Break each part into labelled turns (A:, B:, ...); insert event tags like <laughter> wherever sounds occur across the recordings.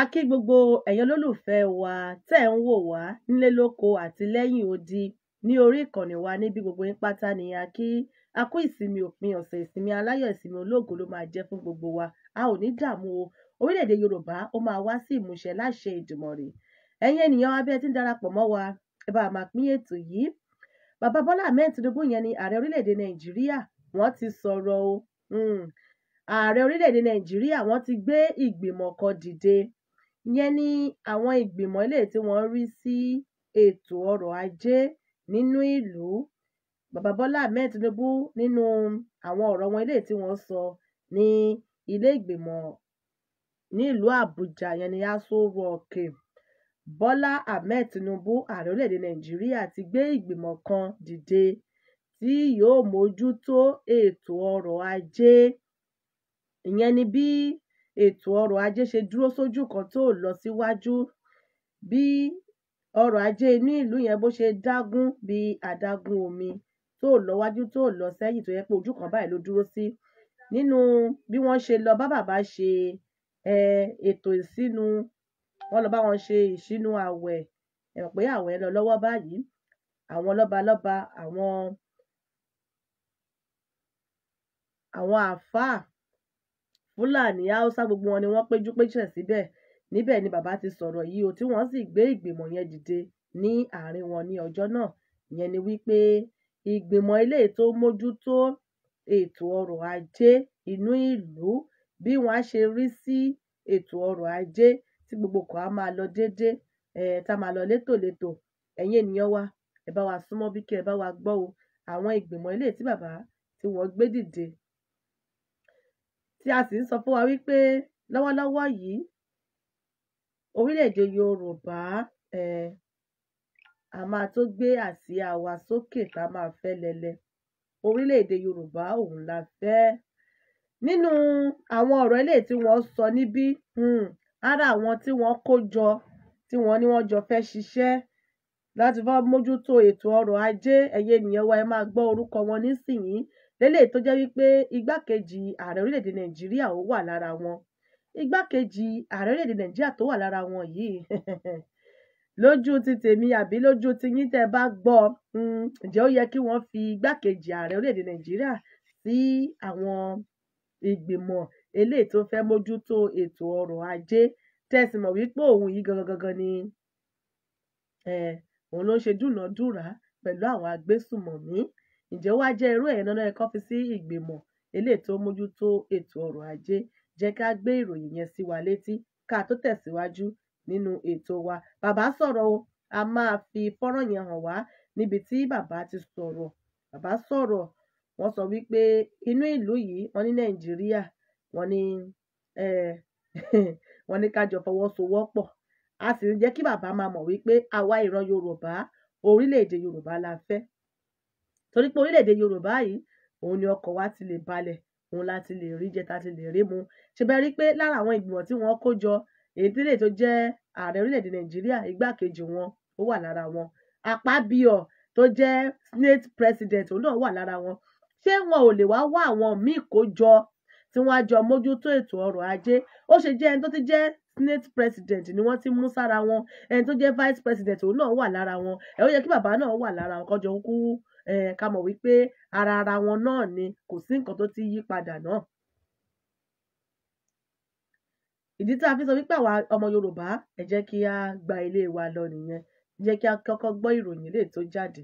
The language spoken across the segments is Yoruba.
A: a kí gbogbo ẹ̀yin olólùfẹ́ wa tẹ́ ń wò wá nílé lóko àti lẹ́yìn odi ní orí ìkànnì wa níbi gbogbo yín pátá ni a kí a kú ìsinmi òpin ọ̀sẹ̀ ìsinmi aláyọ̀ ìsinmi olóògùn ló máa jẹ́ fún gbogbo wa a ò ní dààmú o orílẹ̀-èdè yorùbá ó máa wá sí ìmúṣẹ láṣẹ Èdùmàrè ẹ̀yin ènìyàn abẹ́ tí ń darapọ̀ mọ́ wa ẹ bá máa pín ètò yìí bàbá bọ́lá ahmed tinubu yẹn ni ààrẹ orílẹ̀-èdè nàìjíríà wọ́n ti sọ̀rọ̀ o hmm. ààrẹ orílẹ̀-èdè nàìjíríà wọ́n ti gbé ìgbìmọ̀ kan dìde ìyẹn ni àwọn ìgbìmọ̀ eléyìí tí wọ́n ń rí sí ètò ọrọ̀ ajé nínú ìlú bàbá Bọ́lá Ahmed Tinubu nínú àwọn ọ̀rọ̀ wọn eléyìí tí wọ́n sọ ní ilé ìgbìmọ̀ ní Àbújá yẹn ni Aso Rock Bọ́lá Ahmed Tinubu ààrẹ orílẹ̀-èdè Nàìjíríà ti gbé ìgbìmọ̀ kan dìde tí yóò mójútó ètò ọrọ̀ ajé ìyẹn ni bí ètò ọrọ̀ ajé ṣe dúró sójú kan tó lọ síwájú bí ọrọ̀ ajé inú ìlú yẹn bó ṣe dágún bí adágún omi tó lọ wájú tó lọ sẹ́yìn tó yẹ pé ojú kan báyìí ló dúró sí nínú bí wọ́n ṣe lọ bá bàbá ṣe ètò ìsínu wọ́n lọ bá wọn ṣe ìsínu àwẹ̀ ẹ̀ pé àwẹ̀ lọ lọ́wọ́ báyìí àwọn lọ́balọ́ba àwọn àwọn àáfàá fúlàní haúsá gbogbo wọn ni wọ́n péjú péjọ síbẹ̀ níbẹ̀ ni bàbá ti sọ̀rọ̀ yìí o tí wọ́n sì gbé ìgbìmọ̀ yẹn dìde ní àárín wọn ní ọjọ́ náà ìyẹn ni wípé ìgbìmọ̀ ilé ètò mójútó ètò ọrọ̀ ajé inú ìlú bí wọ́n á ṣe rí sí ètò ọrọ̀ ajé tí gbogbo kan á máa lọ déédé ẹ tá a máa lọ létòlétò ẹ̀yin ènìyàn wa ẹ bá wa súnmọ́ bí kí ẹ bá wa gbọ́ o àwọn ìgbìmọ̀ ilé tí bàbá tí wọ́n gbé dìde tí a sì ń sọ fún wa wípé lọ́wọ́lọ́wọ́ yìí orílẹ̀-èdè Yorùbá um a máa tó gbé àsíá wa sókè tá a máa fẹ́ lẹlẹ orílẹ̀-èdè Yorùbá òun la fẹ́ nínú àwọn ọ̀rọ̀ eléyìí tí wọ́n sọ níbí um ara àwọn tí wọ́n kó jọ tí wọ́n ní wọ́n jọ fẹ́ ṣiṣẹ́ láti fọ́ mójútó ètò ọrọ̀ ajé ẹ̀yẹ ènìyàn wa ẹ máa gbọ́ orúkọ wọn nísìnyí lélẹ́yìí tó jẹ́ wípé igbákejì ààrẹ orílẹ̀-èdè nàìjíríà ó wà lára wọn igbákejì ààrẹ orílẹ̀-èdè nàìjíríà tó wà lára wọn yìí <laughs> lójú ti tèmi àbí lójú ti yín tẹ́ ẹ bá gbọ́ hmm, ǹjẹ́ ó yẹ kí wọ́n fi igbákejì ààrẹ orílẹ̀-èdè nàìjíríà sí àwọn ìgbìmọ̀ eléyìí tó fẹ́ mójútó ètò ọrọ̀ ajé tẹ́sí mọ̀ wípé òun yìí gangan gangan ni òun ló ń ṣe dúnàádúrà pẹ̀lú àwọn agbésùmọ̀mí ǹjẹ́ ó wá jẹ́ irú ẹ̀yẹn náà kọ́ fi sí ìgbìmọ̀ eléyìí tó mójútó ètò ọrọ̀ ajé jẹ́ ká gbé ìròyìn yẹn sí wa létí ká tó tẹ̀síwájú nínú ètò wa bàbá sọ̀rọ̀ o a máa fi fọ́nrán yẹn hàn wá níbi tí bàbá ti sọ̀rọ̀ bàbá sọ̀rọ̀ wọ́n sọ wípé inú ìlú yìí wọ́n ní nàìjíríà wọ́n ní <laughs> wọ́n ní ká fọwọ́sowọ́pọ̀ a sì ń jẹ́ kí bàbá máa mọ̀ wípé àwa ìran yorùbá orílẹ̀-èdè yorùbá la fẹ́ torí pé orílẹ̀-èdè Yorùbá yìí òun ni ọkọ̀ wa ti lè balẹ̀ òun la ti lè rí jẹ ta ti lè rí mu ṣe bẹ́ẹ̀ rí pé lára àwọn ìgbìmọ̀ tí wọ́n kó jọ èyí tí lè tó jẹ́ ààrẹ orílẹ̀-èdè Nàìjíríà igbákejì wọn ó wà lára wọn Akpabio tó jẹ́ senate president òun náà wà lára wọn ṣé wọn ò lè wá wá àwọn míì kó jọ tí wọ́n á jọ mójútó ètò ọrọ̀ ajé ó ṣe jẹ́ ẹni tó ti jẹ́ senate president ni wọ́n ti mú sára wọn ẹni tó jẹ́ vice president òun náà wà lára wọn ẹ̀ ó yẹ kí bàbá náà wà lára wọn kọjọ kú um ká mọ̀ wípé ara ara wọn náà ni kò sí nǹkan tó ti yí padà náà. ìdí tá a fi sọ wípé àwa ọmọ Yorùbá ẹ jẹ́ kí á gba ilé wa lọ nìyẹn jẹ́ kí a kọ́kọ́ gbọ́ ìròyìn eléyìí tó jáde.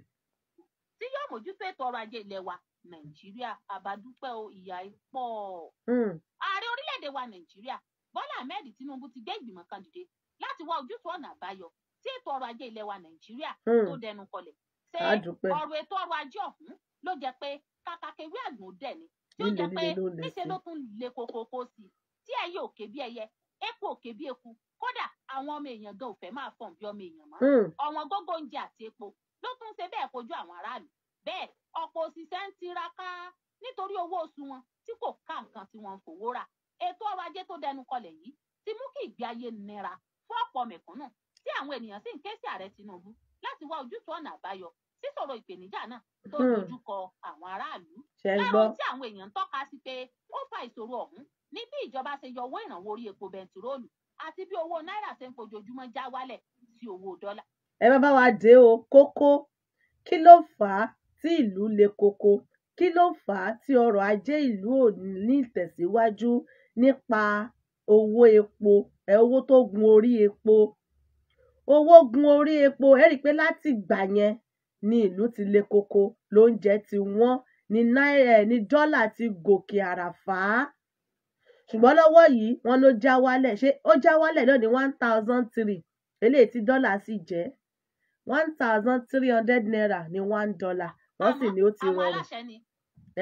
B: tí yóò mójútó ètò ọrọ̀ ajé ilé wa nàìjíríà àbádúpẹ́ o ìyà pọ̀. Hmm. ààrẹ orílẹ̀-èdè wa nàìjíríà bọ́lá ahmed tinubu ti gbé ìgbìmọ̀ kan dìde láti wá ojútùú ọ̀nà àbáyọ sí ètò ọrọ̀ ajé ilé wa nàìjíríà hmm. tó dẹnu kọlẹ̀ ṣé ọ̀rọ̀ ètò ọrọ̀ ajé ọ̀hún ló jẹ́ pé kàkàkẹwé àgbọ̀ndẹ̀ ni tí ó jẹ́ pé níṣe ló tún le kokoko sí i tí ẹyẹ òkè bí ẹyẹ eku òkè bí eku kódà àwọn ọmọ èèyàn gan ò fẹ́ máa fọ̀n bí ọmọ èèyàn mọ́ hmm. ọ̀wọ́n gógó oúnjẹ àti epo ló tún ṣe bẹ́ẹ̀ kojú àwọn aráàlú bẹ́ẹ̀ ọ̀pọ̀ òṣìṣẹ́ ń tiraka nítorí owó oṣù wọn tí kò ká nǹkan tí wọ́n ń fowó rà ètò ọrọ̀ ajé tó dẹnu kọlẹ̀ yìí ti mú kí ìgbé ayé nira fún ọ̀pọ̀ mẹ̀kúnnù tí àwọn ènìyàn sì ń ké sí ààrẹ Tinubu láti wá ojútùú ọ̀nà àbáyọ sísọ̀rọ̀ ìpèníjà náà tó hmm. dojúkọ àwọn aráàlú lára tí àwọn èèyàn ń tọ́ka sí pé ó fa ìṣòro ọ̀hún ní bí ìjọba ṣe yọ owó ìrànwọ́ orí epo bẹntiróòlù àti bí owó náírà ṣe ń fojoojúmọ́ já wálẹ̀ sí owó dọ́là.
A: ẹ bá bá wa dé o kókó kí ló fà á tí ìlú le koko kí ló fà á tí ọrọ̀ ajé ìlú ò ní ìtẹ̀síwájú nípa owó epo ẹ owó tó gun orí epo owó gun orí epo ẹ rí i pé láti ìgbà yẹn ni ìlú ti le koko lóúnjẹ ti wọ́n ní náírà ní dọ́là ti gòkè àràfá ṣùgbọ́n lọ́wọ́ yìí wọ́n ló já wálẹ̀ ṣé ó já wálẹ̀ náà ní one thousand three eléyìí tí dọ́là sì jẹ́ one thousand three hundred naira ni one dollar wọ́n sì ní ó ti rọrùn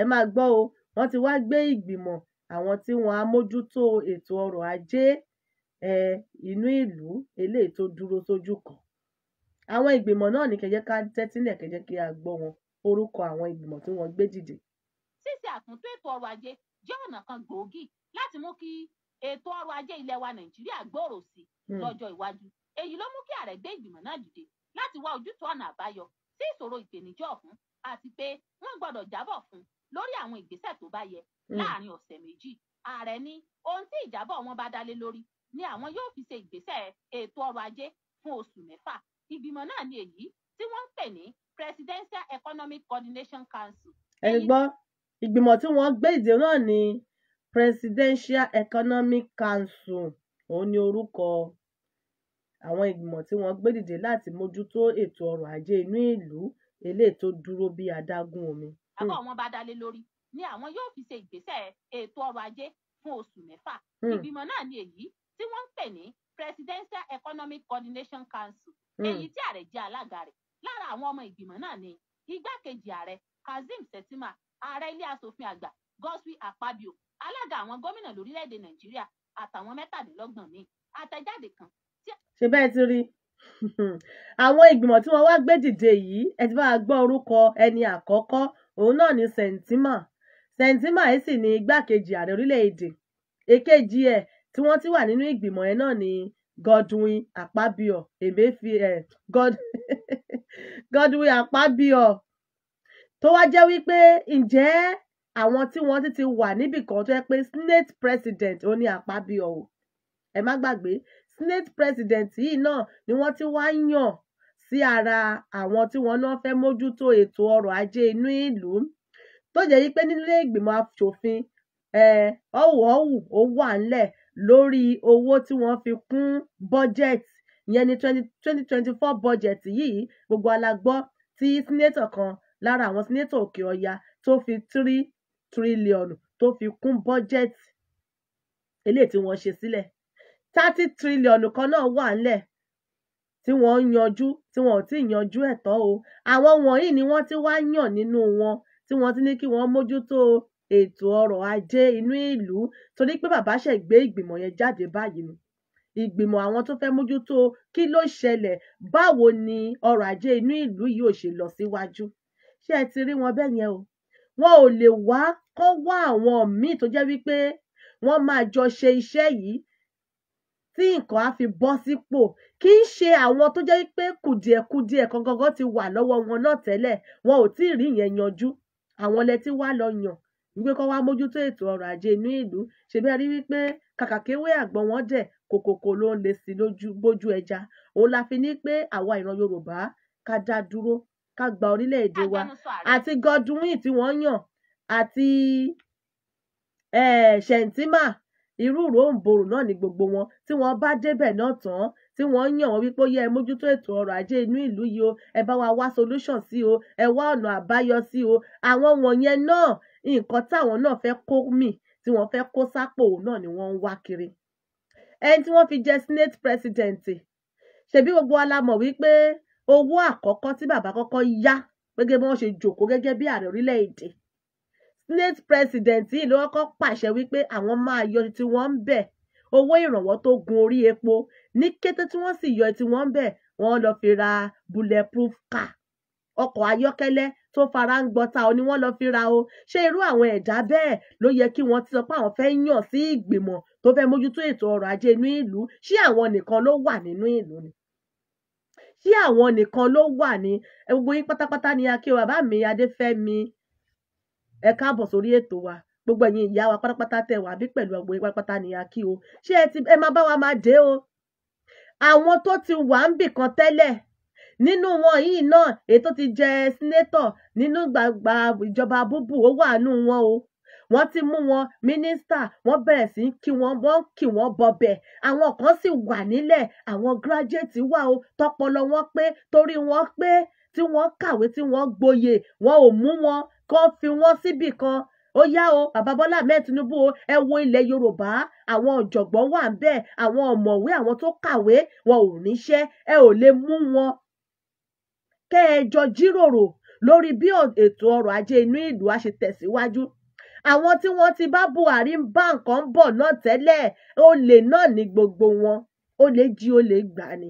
A: ẹ máa gbọ́ o wọ́n ti wá gbé ìgbìmọ̀ àwọn tí wọ́n á mójútó ètò ọrọ̀ ajé um inú ìlú eléyìí tó dúró sójú kan àwọn ìgbìmọ̀ náà ní kẹjẹ ká tẹ́tílẹ̀ kẹjẹ kí a gbọ́ wọn orúkọ àwọn ìgbìmọ̀ tí wọ́n gbé dìde.
B: ṣíṣe àtúntò ètò ọrọ̀ ajé jẹ́ ọ̀nà kan gbòógì láti mú kí ètò ọrọ̀ ajé ilẹ̀ wa nàìjíríà gbòòrò sí i hmm. lọ́jọ́ iwájú èyí ló mú kí ààrẹ gbé ìgbìmọ̀ náà dìde láti wá ojútùú ọ̀nà àbáyọ sí ìṣòro ìpèníjà ọ̀hún àti pé wọ́n gbọ́dọ̀ jábọ̀ fún lórí àwọn ìgbésẹ̀ tó bá yẹ hmm. láàrin ọ̀sẹ̀ méjì ààrẹ ní ohun tí ìjábọ̀ wọn bá dálé lórí ni àwọn yóò fi ṣe ìgbésẹ̀ ètò ọrọ̀ ajé fún oṣù mẹ́fà ìgbìmọ̀ náà ni èyí tí wọ́n ń pè ní Presidential Economic Coordination Council.
A: ẹ gbọ́ ìgbìmọ̀ tí wọ́n gbé ìdè náà ni Presidential Economic Council òun ni orúkọ àwọn ìgbìmọ̀ tí wọ́n gbé dìde láti mójútó ètò ọrọ̀ ajé inú ìlú eléyìí tó dúró bí adágún omi.
B: àbọ̀ hmm. wọn bá dalé lórí ni àwọn yóò fi ṣe ìgbésẹ̀ ètò ọrọ̀ ajé fún oṣù mẹ́fà hmm. ìgbìmọ̀ náà ni èyí tí wọ́n ń pè ní presidential economic coordination council hmm. èyí tí ààrẹ jẹ́ alága rẹ̀ lára àwọn ọmọ ìgbìmọ̀ náà ni igbákejì ààrẹ kazeem shettima ààrẹ ilé asòfin àgbà godswill akpabio alága àwọn gómìnà lórílẹ̀‐èdè nàìjíríà àtàwọn mẹ́tàdínlọ́gbọ̀n míì àtẹ̀jáde kan.
A: ṣe bẹ́ẹ̀ ti rí <laughs> àwọn ìgbìmọ̀ tí wọ́n wá gbé dìde yìí ẹ ti bá gbọ́ orúkọ ẹni àkọ́kọ́ òun náà ni sentiment sentiment yìí sì ni igbákejì ààrẹ orílẹ̀-èdè èkejì ẹ̀ tí wọ́n ti wà nínú ìgbìmọ̀ yẹn náà ni Godwin Akpabio Emefiele God <laughs> Godwin Akpabio tó wá jẹ́ wípé ǹjẹ́ àwọn tí wọ́n ti ti wà níbì kan tó yẹ pé senate president ó ní Akpabio o ẹ má gbàgbé senate president yìí náà ni wọ́n ti wá yàn sí ara àwọn tí wọ́n náà fẹ́ mójútó ètò ọrọ̀ ajé inú ìlú tó jẹ́ yí pé nílé ìgbìmọ̀ asòfin ọ̀wọ̀ọ̀wù ó wà ńlẹ̀ lórí owó tí wọ́n fi kún bọ́jẹ̀tì ìyẹn ní 2024 twenty four bọ́jẹ̀tì yìí gbogbo alágbọ́ tí sínétọ̀ kan lára àwọn sínétọ̀ òkè ọya tó fi three trillion, tó fi kún bọ́jẹ̀tì eléyìí tí wọ́n ṣe sílẹ̀ thirty trillion, kan náà wà ńlẹ̀ tí wọ́n ń yanjú tí wọ́n ò tí ì yanjú ẹ̀tọ́ o àwọn wọ̀nyí ni wọ́n ti wá yàn nínú wọn tí wọ́n ti ní kí wọ́n mójútó ètò ọrọ̀ ajé inú ìlú torí pé bàbá ṣẹ̀ gbé ìgbìmọ̀ yẹn jáde báyìí ni ìgbìmọ̀ àwọn tó fẹ́ mójútó kí ló ṣẹlẹ̀ báwo ni ọrọ̀ ajé inú ìlú yìí ò ṣe lọ síwájú ṣé ẹ ti rí wọn bẹ́ẹ̀ yẹn o wọn ò lè wá kọ́ wá àwọn míì tó jẹ́ wípé wọ́n máa jọ ṣe iṣẹ́ yìí tí nǹkan á fi bọ́ sípò kì í ṣe àwọn tó jẹ́ pé kùdìẹ̀kudìẹ̀ kan gangan ti wà lọ́wọ́ wọn náà tẹ́lẹ̀ wọn ò tí ì rí yẹn yanjú àwọn lẹ tí wá lọ yàn wípé kọ́ wá mójútó ètò ọrọ̀ ajé inú ìlú ṣebí a rí wípé kàkàkéwé àgbọ̀n wọn dẹ̀ kòkòkò ló ń le sí lójú bójú ẹja òun la fi ní pé àwa ìran Yorùbá ká dá dúró ká gba orílẹ̀-èdè wa àti Godwin tí wọ́n yàn àti Shentima irú ròǹbòrò náà ni gbogbo wọn tí wọ́n bá débẹ̀ náà tán tí wọ́n yàn wọ́n wípé ó yẹ mójútó ètò ọrọ̀ ajé inú ìlú yìí o ẹ bá wa wá solution sí o ẹ wá ọ̀nà àbáyọ sí o àwọn wọ̀nyẹn náà nǹkan táwọn náà fẹ́ kó mì tí wọ́n fẹ́ kó sápò náà ni wọ́n ń wá kiri ẹni tí wọ́n fi jẹ senate president ṣebí gbogbo wa la mọ̀ wípé owó àkọ́kọ́ tí bàbá kọ́kọ́ yá gẹ́gẹ́ bí wọ́n ṣe jòkó gẹ́gẹ́ bí ààrẹ orílẹ̀-èdè senate president yìí ló kọ́kọ́ pàṣẹ wípé àwọn máa yọ tí wọ́n ń bẹ̀ owó ìrànwọ́ tó gun orí epo ní kété tí wọ́n sì yọ tí wọ́n ń bẹ̀ wọ́n lọ fi ra bulletproof car ọkọ̀ ayọ́kẹ́lẹ́ tó fara ń gbọta ọ ni wọ́n lọ fi ra o ṣé irú àwọn ẹ̀dá bẹ́ẹ̀ ló yẹ kí wọ́n ti sọ pé àwọn fẹ́ yàn sí ìgbìmọ̀ tó fẹ́ mójútó ètò ọrọ̀ ajé inú ìlú ṣé àwọn nìkan ló wà nínú ìlú ni ṣé àwọn nìkan ló wà ní gbogbo yín pátápátá ni akí bàbá mi adéfẹ́mi ẹ káàbọ̀ sórí ètò wa gbogbo ẹ̀yin ìyá wa pátápátá tẹ wà bí pẹ̀lú ọgbọ pátápátá ni akí o ṣé ẹ ti ẹ máa bá wa máa dé o àwọn tó ti wà ń bì kan tẹ́lẹ̀ nínú wọn yìí náà èyí tó ti jẹ sínétọ̀ nínú gbàgbà ìjọba búbù ó wà nù wọn o wọ́n ti mú wọn mínísítà wọ́n bẹ̀rẹ̀ sí kí wọ́n wọ́n kí wọ́n bọbẹ̀ àwọn kan sì wà nílẹ̀ àwọn gírájẹ̀tì wà o tọpọlọ wọn pé torí wọn pé tí wọ́n kàwé tí wọ́n gboyè wọn ò mú wọn kó fi wọn síbì kan ó yá o bàbá Bọ́lá Ahmed Tinubu o ẹ wo ilẹ̀ Yorùbá àwọn ọ̀jọ̀gbọ́n wà ń bẹ̀ àwọn ọ̀mọ̀wé àwọn tó kàwé wọn ò níṣẹ́ ẹ ò lè mú wọn kẹ́ ẹ jọ jíròrò lórí bí ètò ọrọ̀ ajé inú ìlú á ṣe tẹ̀síwájú àwọn tí wọ́n ti bá Buhari ń bá nǹkan bọ̀ náà tẹ́lẹ̀ olè náà ní gbogbo wọn olè jí olè gbà ni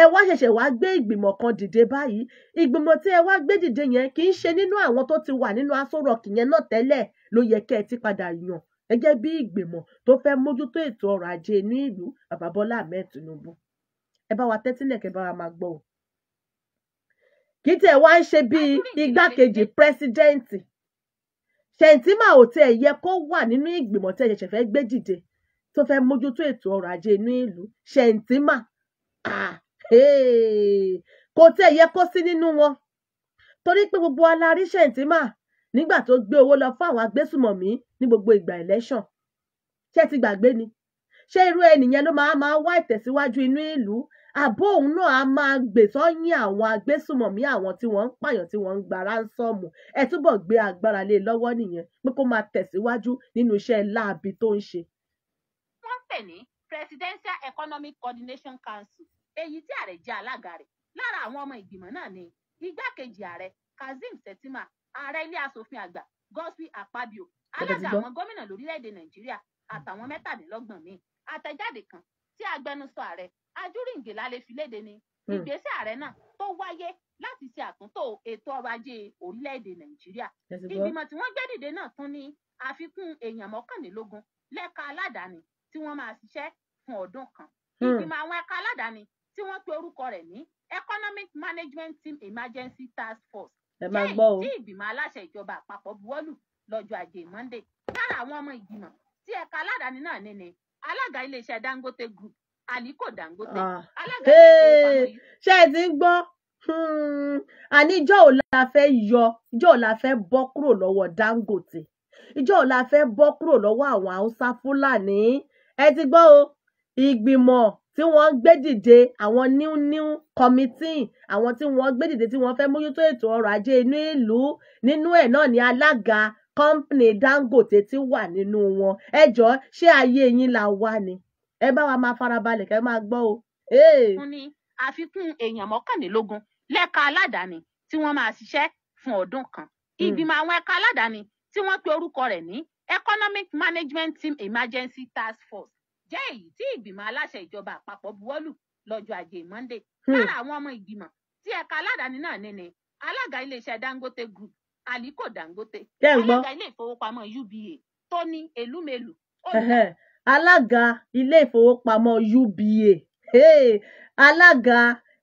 A: ẹ wá ṣẹ̀ṣẹ̀ wá gbé ìgbìmọ̀ kan dìde báyìí ìgbìmọ̀ tí ẹ wá gbé dìde yẹn kì í ṣe nínú àwọn tó ti wà nínú Aso Rock yẹn náà tẹ́lẹ̀ ló yẹ kẹ́ ẹ ti padà yàn gẹ́gẹ́ bí ìgbìmọ̀ tó fẹ́ mójútó ètò ọrọ̀ ajé inú ìlú Bàbá Bọ́lá ẹ bá wa tẹ́tílẹ̀ kẹ́ bá wa máa gbọ́ o kì í tiẹ̀ wá ń ṣe bíi igbákejì pírẹsidẹ́ǹtì ṣèǹtìmà ò tiẹ̀ yẹ kó wà nínú ìgbìmọ̀ tí ẹ̀jẹ̀ fẹ́ gbé dìde tó fẹ́ mójútó ètò ọrọ̀ ajé inú ìlú ṣèǹtìmà kò tiẹ̀ yẹ kó sí nínú wọn torí pé gbogbo alárí ṣèǹtìmà nígbà tó gbé owó lọ fún àwọn agbésùmọ̀mí ní gbogbo ìgbà election ṣé ti gbàgbé ni ṣé irú ẹnìyẹn ló máa máa wá ìtẹ̀síwájú inú ìlú àbó òun náà a máa gbèsọ́ yín àwọn agbésùmọ̀mí àwọn tí wọ́n ń pààyàn tí wọ́n ń gba ránsọ́ọ̀mù ẹ túbọ̀ gbé agbára lé e lọ́wọ́ nìyẹn pé kó máa tẹ̀síwájú nínú iṣẹ́ láabi tó ń ṣe.
B: wọ́n pè ní Presidential Economic Coordination Council èyí tí ààrẹ jẹ́ alága rẹ̀ lára àwọn ọmọ ìgbìmọ̀ náà ni igbákejì ààrẹ Kazeem Shettima ààrẹ ilé asòfin àgbà Godswill Akpabio alága àwọn gómìnà lórílẹ̀ ajúrìǹgè la lè fi léde ni hmm. ìgbésẹ̀ ààrẹ náà tó wáyé láti ṣe àtúntò ètò ọrọ̀ ajé orílẹ̀-èdè nàìjíríà ìgbìmọ̀ tí wọ́n gbé dìde náà tún ní àfikún èèyàn mọ́kànlélógún lẹ́ka aládàáni tí wọ́n máa ṣiṣẹ́ fún ọdún kan hmm. ìgbìmọ̀ àwọn ẹ̀ka aládàáni tí wọ́n pe orúkọ rẹ̀ ní economic management team emergency task force lẹ́yìn tí ìgbìmọ̀ aláṣẹ ìjọba àpapọ̀ buwọ́lù lọ́jọ́ ajé monday lára àwọn ọmọ ìgbìmọ̀ tí ẹ̀ka aládàáni náà ní ni alága iléeṣẹ́ dangote group Aliko Dangote. Ah.
A: ṣé ẹ ti ń gbọ́ hmm. àní ìjọ́ ò la fẹ́ yọ ìjọ́ ò la fẹ́ bọ́ kúrò lọ́wọ́ Dangote ìjọ́ ò la fẹ́ bọ́ kúrò lọ́wọ́ àwọn Haúsá Fúlàní ẹ ti gbọ́ o ìgbìmọ̀ tí wọ́n gbé dìde àwọn new new committee àwọn tí wọ́n gbé dìde tí wọ́n fẹ́ mójútó ètò ọrọ̀ ajé inú ìlú nínú ẹ̀ náà ni alága company Dangote ti wà nínú wọn ẹ jọ ṣé ayé yín la wá ni ẹ bá wa máa farabalẹ̀ kẹ́ máa gbọ́ o.
B: wọ́n ní àfikún èèyàn mọ́kànlélógún lẹ́ka aládàáni tí wọ́n máa ṣiṣẹ́ fún ọdún kan hmm. ìgbìmọ̀ àwọn ẹ̀ka aládàáni tí wọ́n pe orúkọ rẹ̀ ní economic management team emergency task force jẹ́ èyí tí ìgbìmọ̀ aláṣẹ ìjọba àpapọ̀ buwọ́lù lọ́jọ́ ajé monday hmm. lára àwọn ọmọ ìgbìmọ̀ tí ẹ̀ka aládàáni náà ní alága iléeṣẹ́ dangote group aliko dangote alága ilé ìfowópamọ́ uba tony elumelu olùdarí
A: alága iléìfowópamọ uba Hey, alága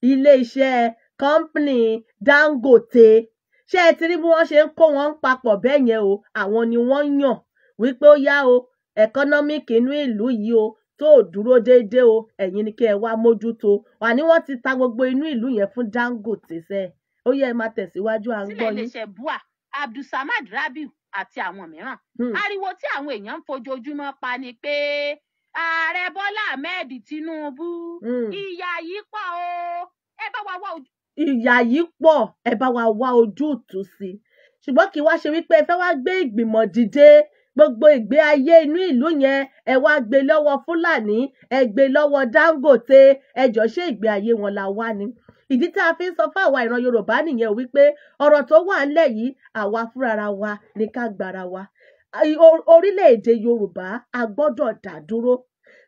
A: iléeṣẹ kọńpìlì dáńgọtẹ ṣé ẹ ti rí bí wọn ṣe ń kó wọn papọ̀ bẹ́ẹ̀ yẹn o àwọn ni wọ́n yàn wípé ó yá o economic inú ìlú yìí o tó ò dúró déédéé o ẹ̀yin ni kí ẹ wá mójútó wà ní wọ́n ti ta gbogbo inú ìlú yẹn fún Dangote sẹ́ ó yẹ ẹ máa tẹ̀síwájú à ń gbọ́ yín. sílẹ̀ iléeṣẹ́
B: bua Abdulsamad Rabiu àti àwọn mìíràn hmm. ariwo tí àwọn èèyàn ń fojoojúmọ́ pa ni pé ààrẹ bọ́lá ahmed tinubu hmm. ìyà yìí pọ̀ o ẹ bá wa wá ojú.
A: ìyà yìí pọ̀ ẹ bá wa wá ojútùú sí i ṣùgbọ́n kí wá ṣe wípé ẹ fẹ́ wá gbé ìgbìmọ̀ dìde gbogbo ìgbé ayé inú ìlú yẹn ẹ wá gbé lọ́wọ́ fúlàní ẹ gbé lọ́wọ́ dangote ẹ jọ ṣe ìgbé ayé wọn la wá ni ìdí tá a fi ń sọ fún àwa ìran Yorùbá nìyẹn wípé ọ̀rọ̀ tó wà ńlẹ̀ yìí àwa fúnra wa ní ká gbára wa orílẹ̀-èdè Yorùbá a gbọ́dọ̀ dá dúró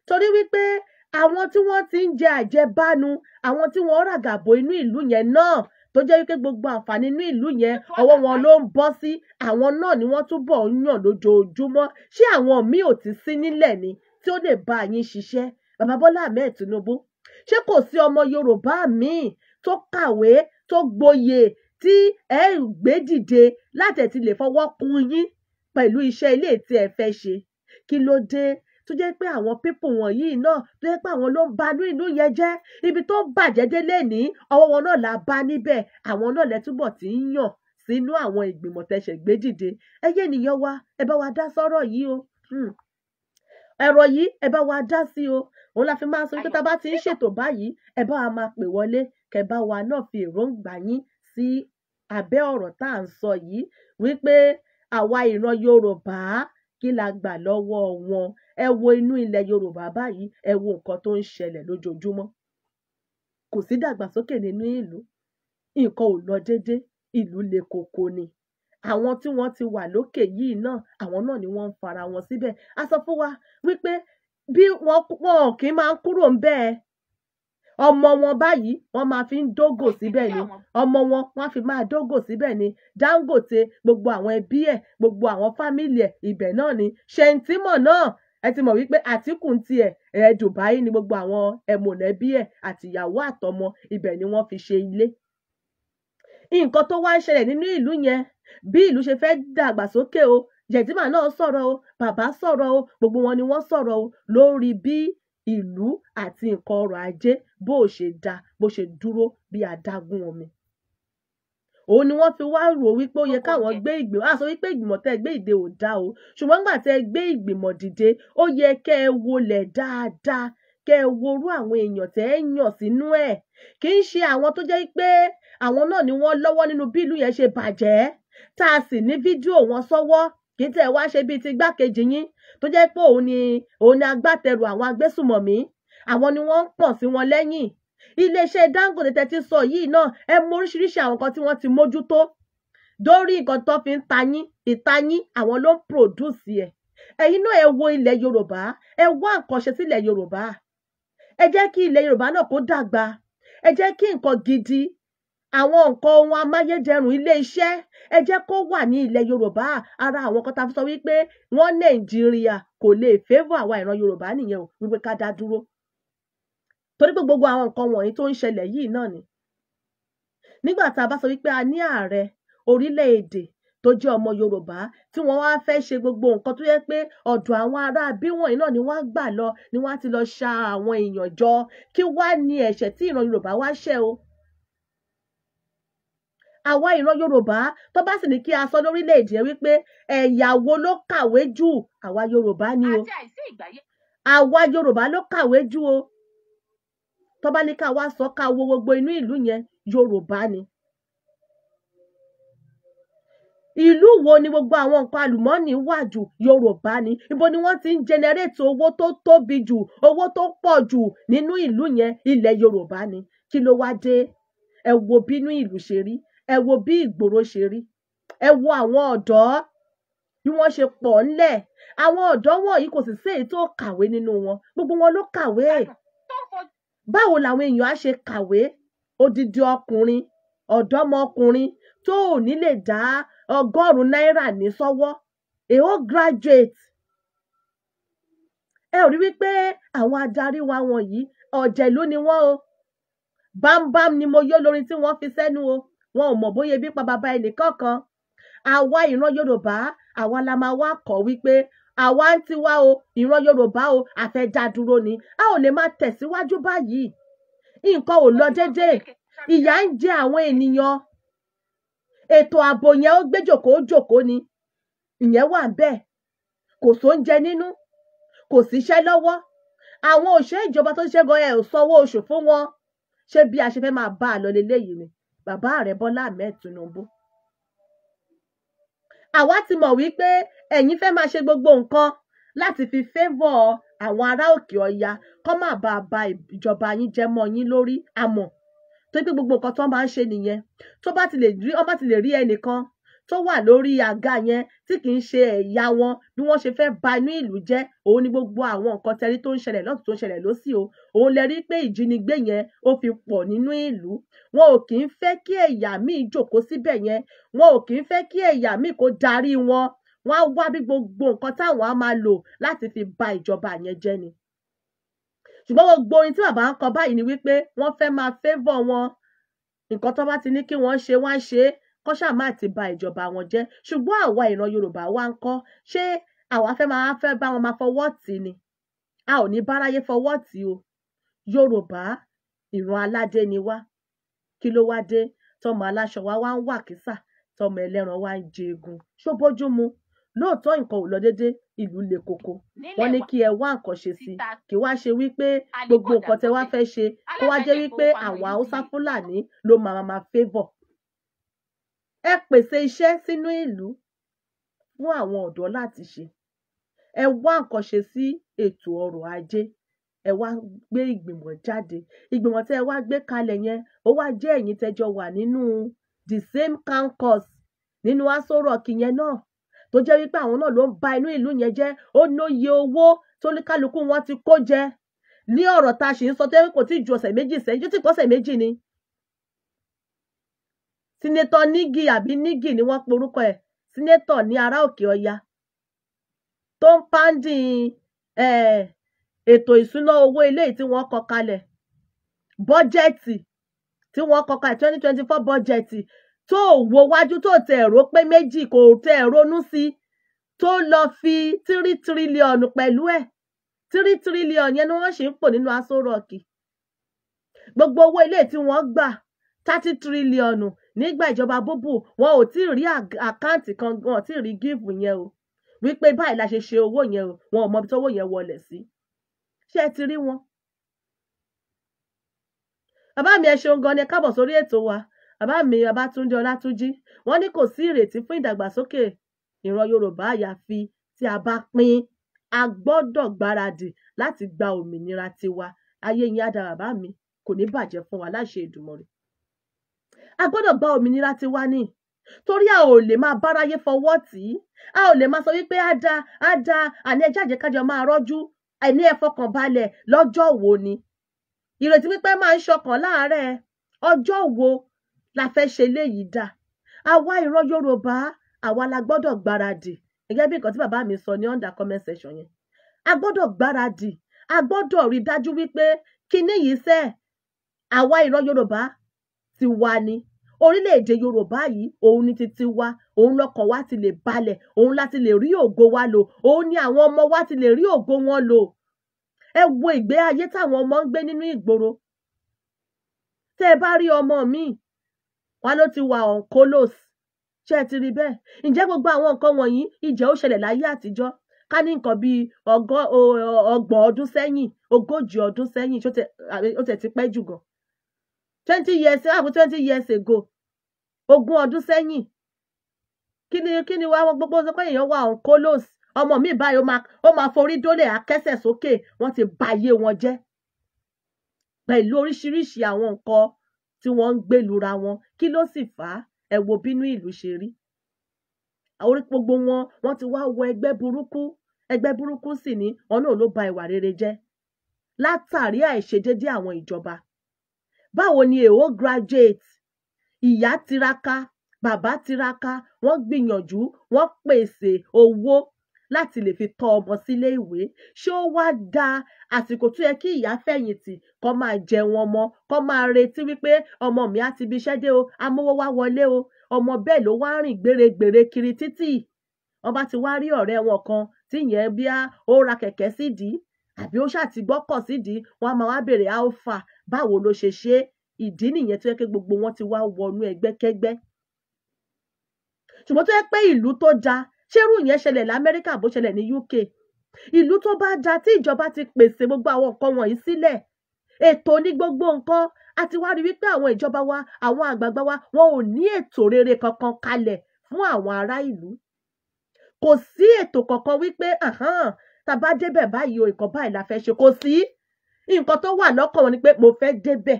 A: torí wípé àwọn tí wọ́n ti ń jẹ àjẹbánu àwọn tí wọ́n ràgàbò inú ìlú yẹn náà tó jẹ́ wípé gbogbo àǹfààní inú ìlú yẹn ọwọ́ wọn ló ń bọ́ sí àwọn náà ni wọ́n túbọ̀ ń yàn lójoojúmọ́ ṣé àwọn míì ò ti sí nílẹ̀ ni tí ó lè bá yín ṣiṣẹ́ bàbá Bọ́lá Ahmed Tinubu ṣé kò sí ọmọ Yorùbá míì tó kàwé tó gboyè tí ẹ gbé dìde láti ti lè fọwọ́ kun yín pẹ̀lú iṣẹ́ ilé tí ẹ fẹ́ ṣe kí ló dé tó jẹ́ pé àwọn pípù wọ̀nyí náà tó jẹ́ pé àwọn ló ń banú ìlú yẹn jẹ́ ibi tó bàjẹ́ délé ní ọwọ́ wọn náà la bá níbẹ̀ àwọn náà lẹ túbọ̀ tí ń yàn sínú àwọn ìgbìmọ̀ tẹ̀sẹ̀ gbé dìde ẹyẹ ènìyàn wa ẹ bá wa dá sọ́rọ̀ yìí o hmm. ẹ̀rọ yìí ẹ bá wa dá sí o òun la fi máa sọ pé tá a bá ti ń ṣètò báyìí ẹ bá wa máa pè wọlé kẹbá wa náà fi èròǹgbà yín sí abẹ́ ọ̀rọ̀ tá à ń sọ yìí wípé àwa ìran Yorùbá kí la gbà lọ́wọ́ wọn ẹ wo inú ilẹ̀ Yorùbá báyìí ẹ wo nǹkan tó ń ṣẹlẹ̀ lójoojúmọ́ kò sí dàgbàsókè nínú ìlú nǹkan ò lọ déédé ìlú le koko ni àwọn tí wọ́n ti wà lókè yìí náà àwọn náà ni wọ́n ń fara wọn síbẹ̀ a sọ fún wa wípé bí wọn wọn kì í máa ń kúrò ń bẹ́ẹ̀ ọmọ wọn báyìí wọ́n máa fi ń dógò síbẹ̀ ni ọmọ wọn wọ́n fi máa dógò síbẹ̀ ni Dangote gbogbo àwọn ẹbí ẹ̀ gbogbo àwọn fámìlì ẹ̀ ibẹ̀ náà ni ṣèǹtìmọ̀ náà ẹ ti mọ̀ wípé Àtìkù ń tiẹ̀ ẹ̀ Dubai ni gbogbo àwọn ẹ̀mọ̀lẹ́bí ẹ̀ àtìyàwó àtọmọ ibẹ̀ ni wọ́n fi ṣe ilé nǹkan tó wá ń ṣẹlẹ̀ nínú ìlú yẹn bí ìlú ṣe fẹ́ dàgbàsókè o Yẹ̀tìmà náà sọ̀rọ̀ o bàbá sọ̀rọ̀ o gbogbo wọn ni wọ́n sọ̀rọ̀ o lórí bí ìlú àti nǹkan ọrọ̀ ajé bó ṣe da bó ṣe dúró bí adágún omi òun ni wọ́n fi wá rò wípé ó yẹ káwọn gbé ìgbìmọ̀ á wípé ìgbìmọ̀ tẹ́ gbé ìdè ò dá o ṣùgbọ́n nígbà tẹ́ gbé ìgbìmọ̀ dìde ó yẹ kẹ́ ẹ wọlẹ̀ dáadáa kẹ́ ẹ worú àwọn èèyàn tẹ́ ẹ yàn sínú ẹ̀ kì í ṣe àwọn tó jẹ́ pé àwọn náà ni wọ́n lọ́wọ́ nínú bí ìlú yẹn ṣe bàjẹ́ tá a sì ní fídíò wọn sọ́wọ́ kì í tẹ̀ wá ṣe bíi ti igbákejì yín tó jẹ́ pé òun ni òun ni agbátẹrù àwọn agbésùmọ̀mí àwọn ni wọ́n ń pọ̀ sí wọn lẹ́yìn iléeṣẹ́ Dangote tẹ́tí sọ yìí náà ẹ mọ oríṣiríṣi àwọn kan tí wọ́n ti mójútó dórí nǹkan tó fi ń tayín ìtayín àwọn ló ń pòdùsì ẹ̀ ẹ̀yin náà ẹ wo ilẹ̀ Yorùbá ẹ wá nǹkan ṣe sílẹ̀ Yorùbá ẹ jẹ́ kí ilẹ̀ Yorùbá náà kó dàgbà ẹ jẹ́ kí nǹkan gidi àwọn nǹkan ohun amáyédẹrùn ilé ẹ jẹ́ kó wà ní ilẹ̀ yorùbá ara àwọn kan ta fi sọ wípé wọ́n nàìjíríà kò lè fẹ́fọ̀ àwa ìran yorùbá nìyẹn o wípé ká dá dúró torí pé gbogbo àwọn nǹkan wọ̀nyí tó ń ṣẹlẹ̀ yìí náà ni nígbà tá a bá sọ wípé a ní ààrẹ orílẹ̀-èdè tó jẹ́ ọmọ yorùbá tí wọ́n wá fẹ́ ṣe gbogbo nǹkan tó yẹ pé ọ̀dọ̀ àwọn ará bí wọ̀nyí náà ni wọ́n á gbà lọ ni wọ́n ti lọ ṣa àwọn èèyàn jọ kí wá ní ẹ̀ṣẹ̀ tí ìran yorùbá wá ṣẹ̀ o àwa ìran yorùbá tó bá sì ní kí a sọ lórílẹ̀‐èdè wípé ẹ̀yà ló kàwé jù àwa yorùbá ni o àwa yorùbá ló kàwé jù o tó bá ní ká wá sọ ká wo gbogbo inú ìlú yẹn yorùbá ni. ìlú wo ni gbogbo àwọn nǹkan àlùmọ́ọ́nì wà jù yorùbá ni ibo ni wọ́n ti ń jẹnẹrétì owó tó tóbi jù owó tó pọ̀ jù nínú ìlú yẹn ilẹ̀ yorùbá ni kí ló wá dé ẹ wo bínú ìlú ṣe rí ẹ wo bí ìgboro ṣe rí ẹ wo àwọn ọ̀dọ́ bí wọ́n ṣe pọ̀ ńlẹ̀ àwọn ọ̀dọ́ wọ̀nyí kò sì séyìí tó kàwé nínú wọn gbogbo wọn ló kàwé báwo làwọn èèyàn á ṣe kàwé odidi ọkùnrin ọ̀dọ́mọkùnrin tó ò ní lè dá ọgọ́rùn-ún náírà ní sọ́wọ́ èó graduate ẹ ò rí wípé àwọn adarí wa wọ̀nyí ọ̀jẹ̀ ló ni wọ́n o bámbám ni mo yó lórin tí wọ́n fi sẹ́nu o wọn ò mọ̀ bóyá ebi pa bàbá ẹnìkankan àwa ìran yorùbá àwa la máa wá kọ́ wípé àwa ń tiwa o ìran yorùbá o àfẹ́dá dúró ni a ò lè máa tẹ̀síwájú báyìí nǹkan ò lọ déédéé ìyà ń jẹ àwọn ènìyàn ètò ààbò yẹn ó gbé jòkóó jòkóó ni ìyẹn wà bẹ́ẹ̀ kò sóúnjẹ nínú kò síṣẹ́ lọ́wọ́ àwọn òṣèré ìjọba tó ṣe gan ẹ̀ ò sanwó oṣù fún wọn ṣé bí a ṣe fẹ́ máa bá a lọ lélẹ́yìí ni bàbá rẹ̀ Bọ́lá Ahmed Tinubu. àwa ti mọ̀ wípé ẹ̀yin fẹ́ máa ṣe gbogbo nǹkan láti fi fẹ́vọ̀ àwọn ará òkè ọya kọ́ má bàa ba ìjọba yín jẹ́ mọ́ yín lórí àmọ́ tó pé gbogbo nǹkan tó máa ń ṣe nìyẹn tó bá ti lè rí ọba ti lè rí ẹnìkan tó wà lórí àga yẹn tí kì í ṣe ẹ̀yà wọn bí wọ́n ṣe fẹ́ ba inú ìlú jẹ́ òun ni gbogbo àwọn nǹkan tẹ́rí tó ń ṣẹlẹ̀ lọ́tún tó ń ṣẹlẹ̀ lọ́sì o òun lè rí pé ìjínigbé yẹn ó fi pọ̀ nínú ìlú wọn ò kì í fẹ́ kí ẹ̀yà míì jókòó síbẹ̀ yẹn wọn ò kì í fẹ́ kí ẹ̀yà míì kó darí wọn wọn á wá bí gbogbo nǹkan táwọn á máa lò láti fi ba ìjọba yẹn jẹ́ ni ṣùgbọ́n gbogbo orin tí bàbá ń kọ báyìí ni wípé wọ́n fẹ́ máa fẹ́vọ̀ wọn nǹkan tó bá ti ní kí wọ́n ṣe wọ́n ṣe é kọ́ ṣáà má ti ba ìjọba wọn jẹ́ ṣùgbọ́n àwa ìran Yorùbá wa ń kọ́ ṣé àwa fẹ́ máa fẹ́ bá wọn máa fọwọ́ tì ni a ò ní báráyé fọwọ́ tì o Yorùbá ìran aládé ni wá kí ló wá dé tọmọ aláṣọ wa wá ń wà kísà tọmọ ẹlẹ́ran wa ń jẹ egun ṣó bójú mu lóòótọ́ nǹkan ò lọ déédé ìlú le koko wọ́n ní kí ẹ wá nǹkan ṣe sí kí wá ṣe wípé gbogbo nǹkan tẹ wá fẹ́ ṣe kó wá jẹ́ wípé àwọn haúsá fúlàní ló máa máa favour ẹ pèsè iṣẹ́ sínú ìlú fún àwọn ọ̀dọ́ láti ṣe ẹ wá nǹkan ṣe sí ètò ọrọ̀ ajé ẹ wá gbé ìgbìmọ̀ jáde ìgbìmọ̀ tẹ́ ẹ wá gbé kalẹ̀ yẹn ó wá jẹ́ ẹ̀yin tẹ́jọ wà nínú the same campus nínú Aso Rock yẹn náà tó jẹ́ wípé àwọn náà ló ń ba inú ìlú yẹn jẹ́ ó lóye owó tóníkálukú wọn ti kó jẹ ní ọ̀rọ̀ tá a ṣì ń sọ tẹ́wé kò tí ju ọ̀sẹ̀ méjì sẹ́yìn tí kọ́sẹ̀ méjì ni sínétọ̀ nígì àbí nígì ni wọ́n porúkọ ẹ̀ sínétọ̀ ní ará òkè ọya tó ń pándìn ètò ìṣúná owó eléyìí tí wọ́n kọ kalẹ̀ bọ́jẹ́ẹ̀tì tí wọ́n kọ kalẹ̀ twenty twenty four bọ́jẹ́ẹ̀tì tó wo wájú tó tẹ ẹ̀rọ pé méjì kò tẹ ẹ̀rọnú sí tó lọ fi tírí tírílíọ̀nù pẹ̀lú ẹ̀ tírí tírílíọ̀nù yẹn ni wọ́n sì ń pò nínú aṣọ rọ̀kì gbogbo owó eléyìí tí wọ́n gbà thirty tírílíọ̀nù nígbà ìjọba búbù wọn ò tí ì rí àkáǹtì kan wọn ò tí ì rí gíìfù yẹn o wípé báyìí la ṣe ṣe owó yẹn o wọn ò mọ ibi yẹn wọlẹ̀ sí ṣé ẹ ti rí wọn. bàbá mi ẹ ṣeun gan ni káàbọ̀ sórí ètò wa bàbá mi Babátúndé Ọlátúnjí wọ́n ní kò sí ìrètí fún ìdàgbàsókè ìran Yorùbá àyàfi tí a bá pín a gbọ́dọ̀ gbáradì láti gba òmìnira tiwa ayé yín á da bàbá mi kò ní bàjẹ́ fún wa láṣẹ Èdùmàrè a gbọ́dọ̀ gba òmìnira tiwa ni torí a ò lè máa báráyé fọwọ́ tì í a ò lè máa sọ wípé á da á da àní ẹjẹ́ àjẹkájọ máa rọ́jú àìní ẹfọkànbalẹ̀ lọ́jọ́ wo ni ìrètí pípẹ́ máa ń ṣọkàn láàárẹ̀ ọjọ́ wo la fẹ́ ṣe léyìí dá àwa ìran Yorùbá àwa la gbọ́dọ̀ gbáradì gẹ́gẹ́ bí nǹkan tí bàbá mi sọ ní under comment section yẹn a gbọ́dọ̀ gbáradì a gbọ́dọ̀ rí dájú wípé kinní yìí sẹ́ àwa ìran Yorùbá ti wà ní orílẹ̀-èdè yorùbá yìí òun ni titi wa òun lọ́kàn wa ti lè balẹ̀ òun láti lè rí ògo wa lò òun ni àwọn ọmọ wa ti lè rí ògo wọn lò ẹ wo ìgbé ayé táwọn ọmọ ń gbé nínú ìgboro tẹ́ ẹ bá rí ọmọ mi wa ló ti wà oncolos ṣé ti rí bẹ́ẹ̀ ǹjẹ́ gbogbo àwọn nǹkan wọ̀nyí ìjẹ́ ó ṣẹlẹ̀ láyé àtijọ́ ká ní nǹkan bíi ọgbọ̀n ọdún sẹ́yìn ogójì ọdún sẹ́yìn ó tẹ̀ ti pẹ́ jù gan twenty years ago ah, twenty years ago ogún ọdún sẹ́yìn kí ni kí ni wá gbogbo sọ pé èèyàn wà on colos ọmọ mi báyìí ó máa ó máa forí dólè akẹ́sẹ̀ sókè wọ́n ti ba ayé wọn jẹ́ pẹ̀lú oríṣiríṣi àwọn nǹkan tí wọ́n ń gbé lura wọn kí ló sì fà á ẹ wo bínú ìlú ṣe rí orí gbogbo wọn wọ́n ti wá wọ ẹgbẹ́ burúkú ẹgbẹ́ burúkú sì ni ọ̀nà ló ba ìwà rere jẹ́ látàrí àìṣedéédé àwọn ìjọba báwo ni èèwọ̀ graduate ìyá tiraka bàbá tiraka wọ́n gbìyànjú wọ́n pèsè owó láti lè fi tọ́ ọmọ sílé ìwé ṣé ó wá da àsìkò tó yẹ kí ìyá fẹ̀yìntì kó máa jẹun ọmọ kó máa retí wípé ọmọ mi á ti ibiṣẹ́ dé o amówó wá wọlé o ọmọ bẹ́ẹ̀ ló wá rìn gbèrègbèrè kiri títì wọ́n bá ti wá rí ọ̀rẹ́ wọn kan tí yẹn bí a ó ra kẹ̀kẹ́ sídìí àbí ó ṣàti sídìí wọ́n á máa wá bèrè how far báwo ló ṣe ṣe é ìdí nìyẹn tó yẹ kí gbogbo wọn ti wá wọnú ẹgbẹ́kẹ́gbẹ́ ṣùgbọ́n tó yẹ pé ìlú tó da ṣérú yẹn ṣẹlẹ̀ lamẹ́ríkà bó ṣẹlẹ̀ ní UK ìlú tó bá da tí ìjọba ti pèsè gbogbo àwọn nǹkan wọ̀nyí sílẹ̀ ètò ní gbogbo nǹkan a ti wá rí wípé àwọn ìjọba wa àwọn àgbààgbà wa wọn ò ní ètò rere kankan kalẹ̀ fún àwọn ará ìlú kò sí ètò kankan wípé tàbá débẹ̀ báyìí o nǹkan báyìí la fẹ́ ṣe kò sí nǹkan tó wà lọ́kàn wọn ni pé mo fẹ́ débẹ̀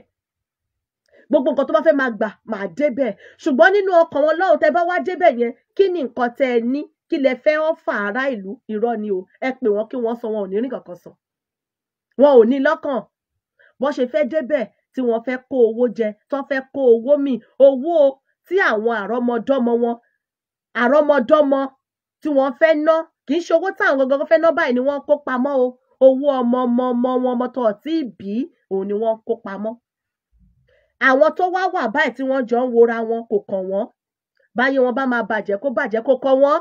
A: gbogbo nǹkan tó bá fẹ́ máa gbà máa débẹ̀ ṣùgbọ́n nínú ọkàn wọn lọ́wọ́ tẹ bá wá débẹ̀ yẹn kí ni nǹkan tẹ ẹ ní kí lẹ fẹ́ ọ̀fà ará ìlú irọ́ ni o ẹ pè wọ́n kí wọ́n sọ wọn ò ní rìn kankan sọ wọn ò ní lọ́kàn wọ́n ṣe fẹ́ débẹ̀ tí wọ́n fẹ́ kó owó jẹ tó fẹ́ kó owó mi owó tí àwọn àrọ́mọdọ́mọ wọn àrọ́mọdọ́mọ tí wọ́n fẹ́ ná kì í ṣe owó táwọn gangan fẹ́ ná báyìí ni wọ́n kó pamọ́ o owó ọmọ ọmọ ọmọ wọn ọmọ tó ọtí ìbí òun ni wọ́n kó pamọ́ àwọn tó wá wà báyìí tí wọ́n jọ ń wora wọn kò kàn wọ́n báyé wọn bá máa bàjẹ́ kó bàjẹ́ kó kọ́ wọ́n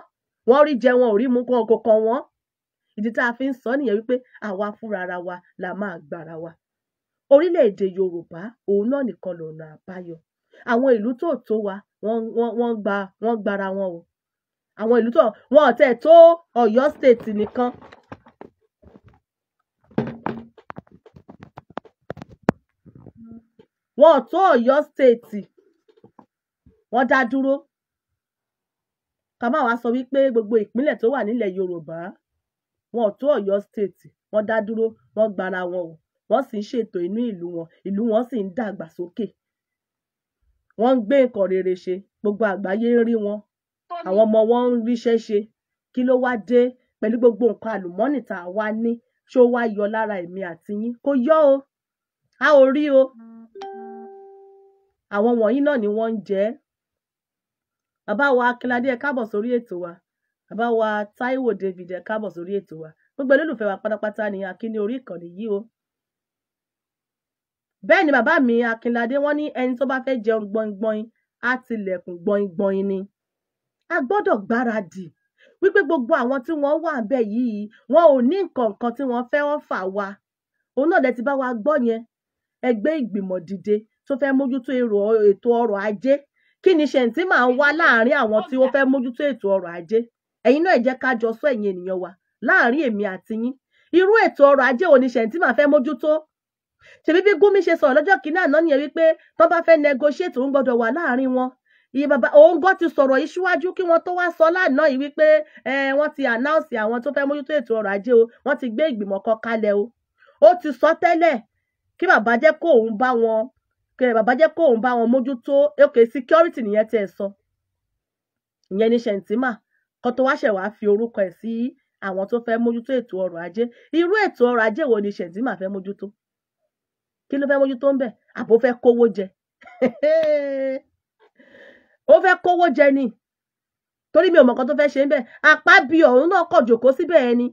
A: wọ́n rí jẹ wọn ò rí mu kàn kó kàn wọ́n ìdí tá a fi ń sọ nìyẹn wípé àwa fúnra wa la máa gbára wa orílẹ̀-èdè Yorùbá òun náà nìkan lọ́nà àbáyọ àwọn ìlú tó tó wa wọ́n gba wọ́n gbára wọn o àwọn ìlú tó wọn ò tẹ̀ tó Ọ̀yọ́ state nìkan wọn ò tó Ọ̀yọ́ stéètì wọ́n dá dúró ká má wàá sọ wípé gbogbo ìpínlẹ̀ tó wà nílẹ̀ Yorùbá wọn ò tó Ọ̀yọ́ stéètì wọ́n dá dúró wọ́n gbara wọn o wọ́n sì ń ṣètò inú ìlú wọn ìlú wọn sì ń dàgbà sókè wọ́n ń gbé nǹkan rere ṣe gbogbo àgbáyé ń rí wọn àwọn ọmọ wọn ń ríṣẹ́ ṣe kí ló wá dé pẹ̀lú gbogbo nǹkan àlùmọ́nì tá a wá ní ṣó wá yọ lára èmi àti yín kò yọ o a ò rí o àwọn wọ̀nyí náà ni wọ́n ń jẹ ẹ́ bàbá wa akínládé ẹ káàbọ̀ sórí ètò wa bàbá wa táíwò david ẹ káàbọ̀ sórí ètò wa gbogbo olólùfẹ́ wa pátápátá ni akíní orí ìkànnì yìí o bẹ́ẹ̀ ni bàbá mi akínládé wọ́n ní ẹni tó bá fẹ́ jẹun gbọ̀ngbọ̀n á tilẹ̀kùn gbọ̀ngbọ̀n ni a gbọ́dọ̀ gbáradì wípé gbogbo àwọn tí wọ́n wà ń bẹ̀ yìí wọn ò ní nǹkan kan tí wọ́n fẹ́ wọ́n fà wá òun náà lẹ ti bá wa gbọ́ yẹn ẹgbẹ́ ìgbìmọ̀ dìde tó fẹ́ mójútó ètò ọrọ̀ ajé kí ni ṣèǹtìmà ń wá láàárín àwọn tí ó fẹ́ mójútó ètò ọrọ̀ ajé ẹ̀yin náà jẹ́ ká jọ sọ ẹ̀yin ènìyàn wa láàárín èmi àti yín irú ètò ọrọ̀ ajé wo ni ṣèǹtìmà fẹ́ mójútó ṣebí bí Gumi ṣe sọ̀rọ̀ lọ́jọ́ kìíní àná nìyẹn wípé tó bá fẹ́ negotiate òun gbọ́dọ̀ wà láàárín wọn iye bàbá òun gbọ́ ti sọ̀rọ̀ yìí síwájú kí wọ́n tó wá sọ lánàá yìí wípé wọ́n ti announce àwọn tó fẹ́ mójútó ètò ọrọ̀ ajé o wọ́n ti gbé ìgbìmọ̀ kan kalẹ̀ o ó ti sọ tẹ́lẹ̀ kí bàbá jẹ́ kó òun bá wọn kẹ bàbá jẹ́ kóun bá wọn mójútó ok security nìyẹn tiẹ̀ sọ ìyẹn ní ṣèǹtìmà kan tó wá ṣẹ̀ wá fi orúkọ ẹ̀ sí àwọn tó fẹ́ mójútó ètò ọrọ̀ ajé irú ètò ọrọ̀ ajé wo ni ṣèǹtìmà fẹ́ mójútó kí ló fẹ́ mójútó ń bẹ̀ àbó fẹ́ kówó jẹ <laughs> ó fẹ́ kówó jẹ ni torí mi ò mọ̀ nǹkan tó fẹ́ ṣe ń bẹ̀ àpá bíi ọ̀hún náà kọ̀ jòkó ẹni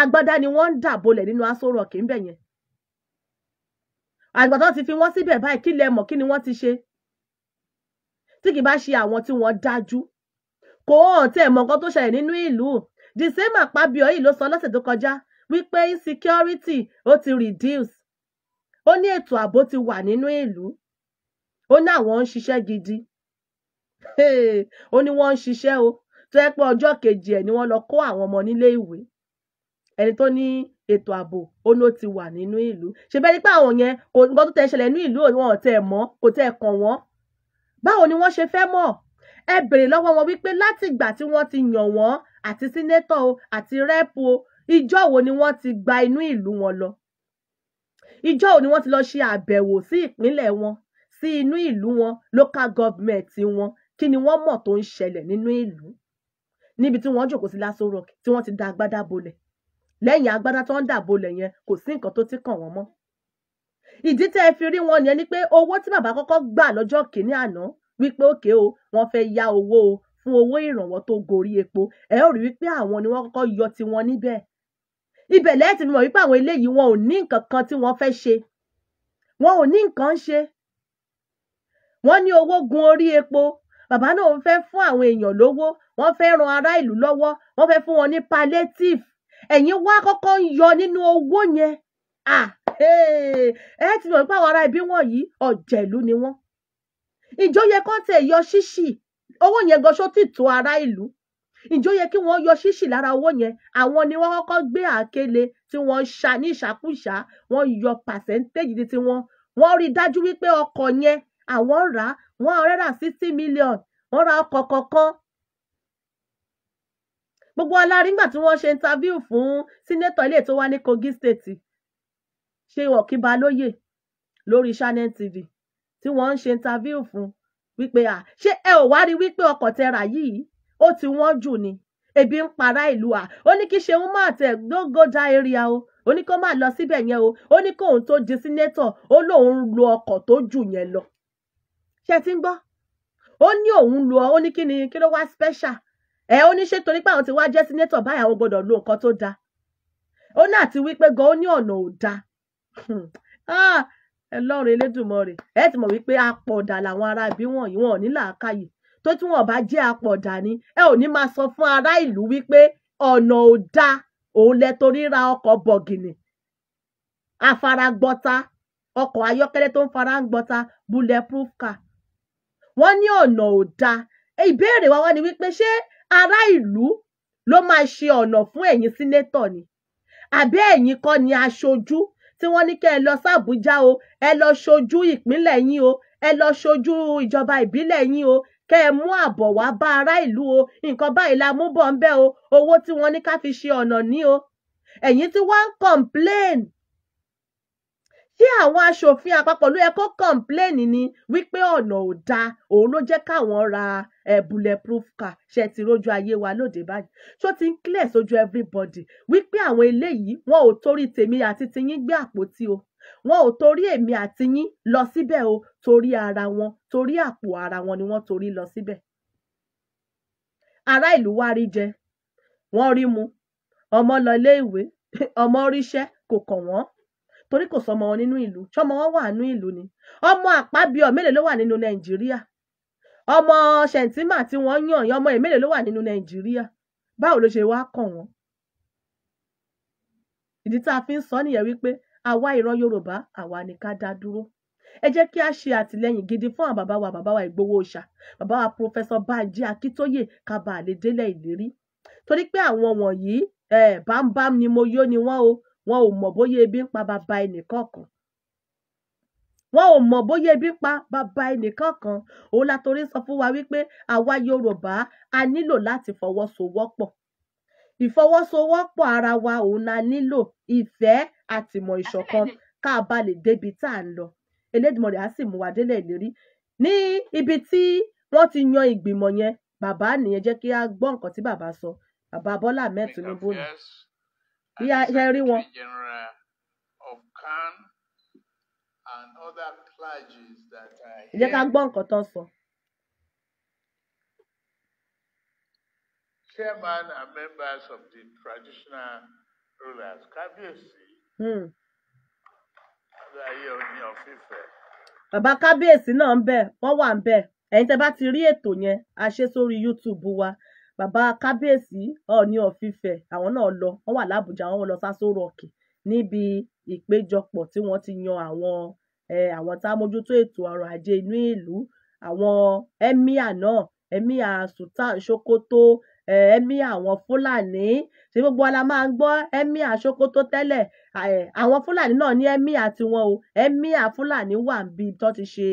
A: agbádá ni wọ́n ń dà bolẹ̀ nínú aṣọ rọ̀kì ń bẹ̀ yẹn àgbà tó ti fi wọ́n síbẹ̀ báyìí kí lẹ mọ̀ kí ni wọ́n ti ṣe tí kì bá ṣe àwọn tí wọ́n dájú kò hàn tí ẹ̀ mọ̀ nǹkan tó ṣẹlẹ̀ nínú ìlú the same Akpabio yìí ló sọ lọ́sẹ̀ tó kọjá wípé insecurity ó ti reduce ó ní ètò ààbò ti wà nínú ìlú ó ní àwọn ń ṣiṣẹ́ gidi ó ní wọ́n ń ṣiṣẹ́ o tó yẹ pé ọjọ́ kejì ẹ̀ ni wọ́n lọ kó àwọn ọmọ nílé ìwé ẹni tó ní ètò ààbò òun ló ti wà nínú ìlú ṣe bẹ́ẹ̀ ni pé àwọn yẹn kò nǹkan tó tẹ̀ ṣẹlẹ̀ ní ìlú òun ọ̀tẹ̀ mọ́ kò tẹ̀ kàn wọ́n báwo ni wọ́n ṣe fẹ́ mọ̀ ẹ bèrè lọ́wọ́ wọn wípé láti ìgbà tí wọ́n ti yàn wọ́n àti sínétọ̀ o àti rẹ́pù o ìjọ́ wo ni wọ́n ti gba inú ìlú wọn lọ ìjọ́ wo ni wọ́n ti lọ ṣe àbẹ̀wò sí ìpínlẹ̀ wọn sí inú ìlú wọn local government wọn kí ni wọ́n mọ̀ tó ń ṣẹlẹ̀ nínú ìlú níbi tí wọ́n jòkó sí lásán rock tí wọ́n ti da agbádá bolẹ̀ lẹ́yìn agbádá tó ń dàbò lẹ̀ yẹn kò sí nǹkan tó ti kàn wọ́n mọ́ ìdí tẹ́ ẹ fi rí wọn yẹn ni pé owó tí bàbá kọ́kọ́ gbà lọ́jọ́ kìíní àná wípé òkè o wọ́n fẹ́ yá owó o fún owó ìrànwọ́ tó gorí epo ẹ ó rí wípé àwọn ni wọ́n kọ́kọ́ yọ tiwọn níbẹ̀ ibẹ̀ lẹ́yìn tí mo mọ̀ wípé àwọn eléyìí wọn ò ní nǹkan kan tí wọ́n fẹ́ ṣe wọn ò ní nǹkan ṣe wọ́n ní owó gun orí epo bàbá náà fẹ́ fún àwọn èèyàn lówó wọ́n fẹ́ ran ará ìlú lọ́wọ́ wọ́n fẹ́ fún wọn ní palliative ẹ̀yin wá kọ́kọ́ ń yọ nínú owó yẹn ẹ ti mọ̀ pé àwọn ará ibi wọ̀nyí ọ̀jẹ̀lú ni wọ́n ìjọ yẹ kán tẹ̀ yọ ṣíṣì owó yẹn gan ṣó ti tó ará ìlú ìjọ yẹ kí wọ́n yọ ṣíṣì lára owó yẹn àwọn ni wọ́n kọ́kọ́ gbé àkele tí wọ́n ṣa ní ìṣàkúṣà wọ́n yọ pàṣẹ́ntéèjì tí wọ́n wọ́n rí dájú wípé ọkọ̀ yẹn àwọn rà wọ́n rẹ́rà sixty million wọ́n ra ọkọ̀ kọ̀ọ̀kan gbogbo alárí nígbà tí wọ́n ṣe interview fún sínétọ̀ ilé tó wá ní Kogi State ṣe ọ̀kíbalóyè lórí Channel TV tí wọ́n ń ṣe interview fún wípé à ṣé ẹ ò wá rí wípé ọkọ̀ tẹra yìí ó ti wọ́n jù ni ebi ń para ìlú à ó ní kí ṣeun máa tẹ̀ gbógóda area o ó ní kó máa lọ síbẹ̀ yẹn o ó ní kóun tó di sínétọ̀ ó lóun lo ọkọ̀ tó jù yẹn lọ ṣe ti ń gbọ́ ó ní òun lo ó ní kí ni kí ló wá special ẹ ó ní ṣe torí pé àwọn ti wá jẹ́ sínétọ̀ báyà ó gbọ́dọ̀ lo nǹkan tó dáa ó náà ti wí pé gan ó ní ọ̀nà ò dáa ẹlọ́run hmm. ah, elédùnmọ̀rè ẹ ti mọ̀ wípé apọ̀dà làwọn ará ibi wọ̀nyí wọn ò ní làákàyè tó tí wọn bá jẹ́ apọ̀dà ni ẹ ò ní máa sọ fún ará ìlú wípé ọ̀nà ò dáa òun lẹ torí ra ọkọ̀ bọ̀gìnì afaragbọ́ta ọkọ̀ ayọ́kẹ́lẹ́ tó ń fara ń gbọ́ta bulletproof car wọ́n ní ọ̀nà ò dáa ìbéèrè wa wá ni wípé ṣé ará ìlú ló máa ṣe ọ̀nà fún ẹ̀yin sínétọ̀ ni àbí ẹ̀yin kọ́ ni aṣojú tí wọ́n ní kẹ́ ẹ lọ sàbújá o ẹ lọ ṣojú ìpínlẹ̀ yín o ẹ lọ ṣojú ìjọba ìbílẹ̀ yín o kẹ́ ẹ mú àbọ̀ wá bá ará ìlú o nǹkan báyìí la mú bọ̀ ń bẹ́ o owó tí wọ́n ní ká fi ṣe ọ̀nà ní o ẹ̀yin tí wọ́n ń complain ṣé àwọn aṣòfin àpapọ̀ ló yẹ kó kọ̀ǹpléènì ni wípé ọ̀nà ò da òun ló jẹ́ káwọn ra bullet proof car ṣe ti rojú ayé wa lóde báyìí tó ti ń clear sójú everybody wípé àwọn eléyìí wọn ò torí tèmi àti tiyín gbé àpótí o wọn ò torí èmi àti yín lọ síbẹ̀ o torí ara wọn torí àpò ara wọn ni wọ́n torí lọ síbẹ̀ ará ìlú wa rí jẹ wọ́n rí mu ọmọ lọ ilé ìwé <laughs> ọmọ ríṣẹ́ kò kàn wọ́n torí kò sọmọ wọn nínú ìlú ṣọmọ wọn wà nínú ìlú ni ọmọ àpábíọ mélòó ló wà nínú nàìjíríà ọmọ ṣèǹtìmà tí wọ́n yàn yàn ọmọ ẹ̀ mélòó ló wà nínú nàìjíríà báwo ló ṣe wá kàn wọ́n ìdí tá a fi ń sọ nìyẹn wípé àwa ìran yorùbá àwa ni ká dá dúró ẹ jẹ́ kí a ṣe àtìlẹ́yìn gidi fún àwọn bàbá wa bàbá wa ìgbowó ọ̀ṣà bàbá wa pòfẹ́sọ bájí akíntóyè ká bàa lè délẹ̀ ìlérí torí pé àwọn wọ̀nyí bámbám ni mo yó ni wọ́n o wọn ò mọ̀ bóyá ebi ń pa bàbá ẹnìkọ̀ọ̀kan wọn ò mọ̀ bóyá ebi ń pa bàbá ẹnìkọ̀ọ̀kan òun la torí sọ fún wa wípé àwa Yorùbá a nílò láti fọwọ́sowọ́pọ̀ ìfọwọ́sowọ́pọ̀ ara wa òun la nílò ìfẹ́ àtìmọ̀ ìṣọ̀kan ká a bá lè débi tá à ń lọ Elédùmarè á sì mú wa délẹ̀ ìlérí ní ibi tí wọ́n ti yan ìgbìmọ̀ yẹn bàbá nìyẹn jẹ́ kí a gbọ́ nǹkan tí bàbá sọ bàbá Bọ́lá mẹ́tùnú bò yẹ rí wọn. jẹ́ ká gbọ́ nǹkan tó ń sọ.
C: Chairman and members of the traditional rulers, Kábíyèsí. Hmm.
A: Bàbá Kábíyèsí náà ń bẹ, wọ́n wà ń bẹ. Ẹ̀yin tẹ́ bá ti rí ètò yẹn, a ṣe sórí YouTube wa bàbá kábíyèsí ọọ̀ni ọ̀fífẹ́ àwọn náà lọ wọ́n wà lábújá wọ́n lọ sáso rọ̀ọ̀kì níbi ìpéjọpọ̀ tí wọ́n ti yan àwọn àwọn tá a mójútó ètò ọrọ̀ ajé inú ìlú àwọn ẹ́míà náà ẹ́míà sultan sokoto ẹ́míà àwọn fúlàní ṣé gbogbo wa la máa ń gbọ́ ẹ́míà sokoto tẹ́lẹ̀ àwọn fúlàní náà ní ẹ́míà tiwọn o ẹ́míà fúlàní wà níbi tó ti ṣe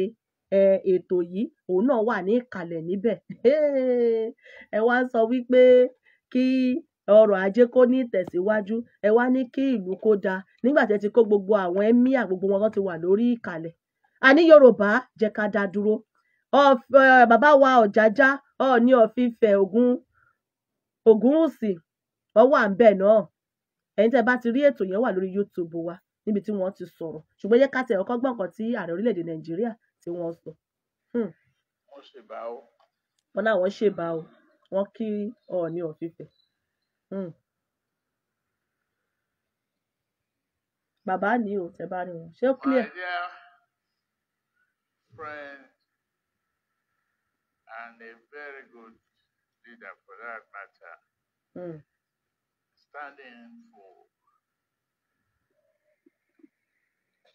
A: ètò yìí òun náà wà ní ìkàlẹ̀ níbẹ̀ <laughs> ẹ wá ń sọ wípé kí ọrọ̀ ajé kó ní ìtẹ̀síwájú ẹ wá ní kí ìlú kó dáa nígbà tí ẹ ti kó gbogbo àwọn ẹ́míà gbogbo wọn tó ti wà lórí ìkàlẹ̀ àní Yorùbá jẹ́ ká dá dúró bàbá wa Ọ̀jájá Ọọ̀ni ọ̀fìfẹ́ Ògún Ògúnwùsì wọ́n wà ń náà ẹ̀yin tẹ́ bá ti rí ètò yẹn wà lórí YouTube wa níbi tí wọ́n ti sọ̀rọ̀ ṣùgbọ́n yẹ ká tẹ̀ ọkọ́ gbọ̀ǹkan tí ààrẹ orílẹ̀-èdè Nàìjíríà tí wọ́n sọ. Hmm.
C: wọ́n ṣèbá o.
A: wọ́n láwọn ṣèbá o wọ́n kí Ọọ̀ni ọ̀fìfẹ́. Hmm. bàbá ni o tẹ bá ní wọn ṣé ó
C: clear. my dear friend and a very good leader for that matter. Mm. Standing for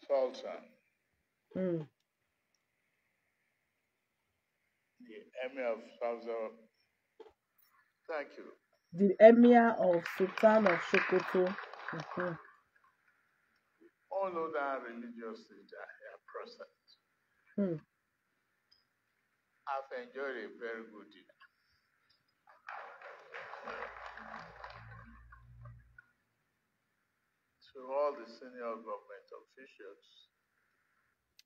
C: Sultan. Mm. Emir of Sokoto. Thank you.
A: The Emir of
C: Sultan of Sokoto. Mm-hmm. All other religious leaders are present. Hmm. I've enjoyed a very good dinner. To all the senior government officials.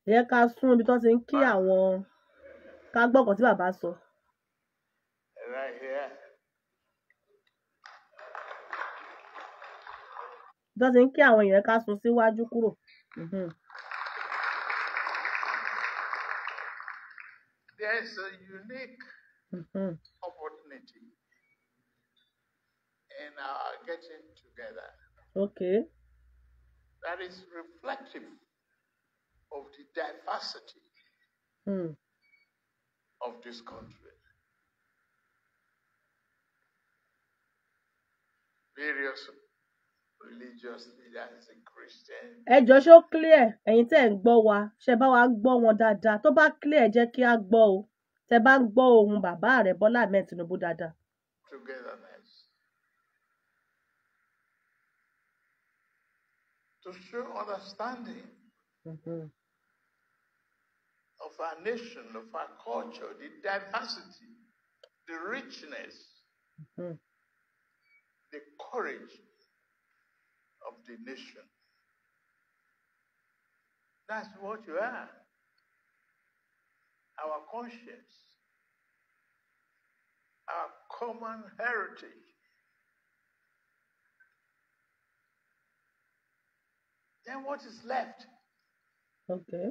A: Yẹ ká sún ibi tó ti ń kí àwọn ká gbọ́ nǹkan tí bàbá sọ. Right ti ń kí àwọn èèyàn ká sún síwájú kúrò.
C: There is a unique opportunity in our getting together. Okay. That is reflective of the diversity mm of this country. Various religious leaders in Christian. Ẹ jọ ṣó clear
A: ẹ̀yin tẹ́ ẹ̀ ń gbọ́ wa ṣe bá wa gbọ́ wọn dáadáa tó bá clear jẹ́ kí a gbọ́ o tẹ́ bá ń gbọ́ ohun bàbá rẹ̀ Bọ́lá Ahmed Tinubu dáadáa.
C: to show understanding. Mm-hmm. of our nation, of our culture, the diversity, the richness, mm-hmm. the courage of the nation. That's what you are. Our conscience, our common heritage. Then what is left? Okay.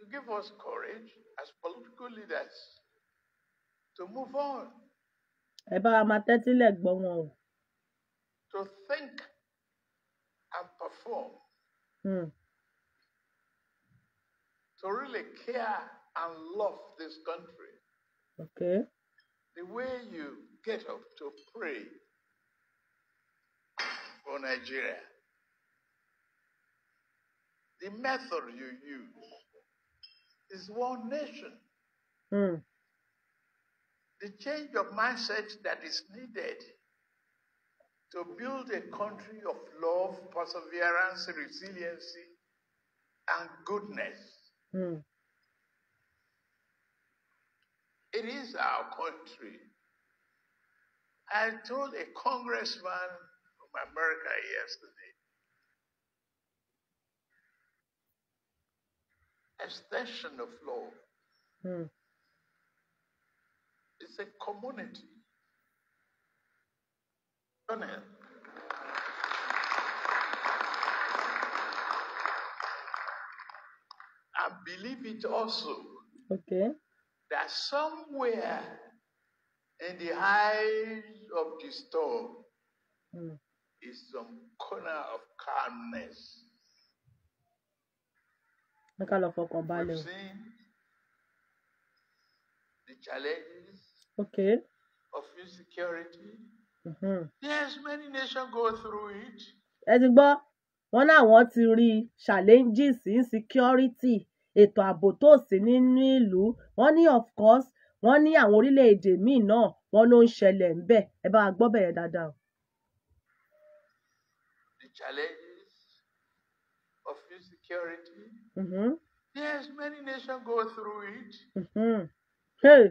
C: To give us courage as political leaders to move on.
A: ẹ bá wa máa tẹ́tí lẹ̀ gbọ́ wọn o.
C: to think and perform. Mm. To really care and love this country. Okay. The way you get up to pray for Nigeria, the method you use. is one nation. Mm. The change of mindset that is needed to build a country of love, perseverance, resiliency, and goodness. Mm. It is our country. I told a congressman from America yesterday extension of love. Hmm. It's a community. Donnell. I believe it also. Okay. That somewhere in the eyes of the storm hmm. is some corner of calmness.
A: ní ká lọ fọkàn balẹ̀ o.
C: The challenges okay. of insecurity. Mm-hmm. Yes, many nations go through
A: it. Ẹ ti gbọ́, wọ́n láwọn ti rí challenges insecurity ètò ààbò tó sí nínú ìlú wọ́n ní of course wọ́n ní àwọn orílẹ̀-èdè míì náà wọ́n ló ń ṣẹlẹ̀ ńbẹ̀ ẹ bá gbọ́ bẹ̀rẹ̀ dáadáa.
C: The challenges of insecurity. Mm-hmm. Yes, many nations go through it. Mm-hmm. Hey.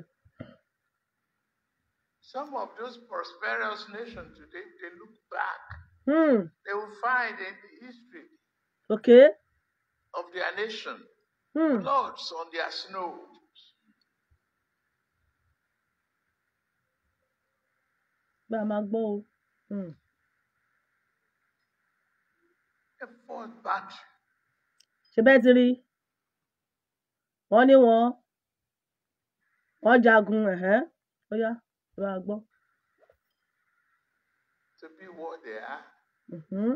C: Some of those prosperous nations today, they look back. Mm. They will find in the history okay. of their nation mm. floods on their snows.
A: Bá máa gbọ́ o. Ẹ hmm. ṣe bẹ́ẹ̀ ti rí wọ́n ní wọn wọ́n jagun ẹ̀hẹ́n ó yá ẹ bá gbọ́.
C: To be what they are. Mm-hmm.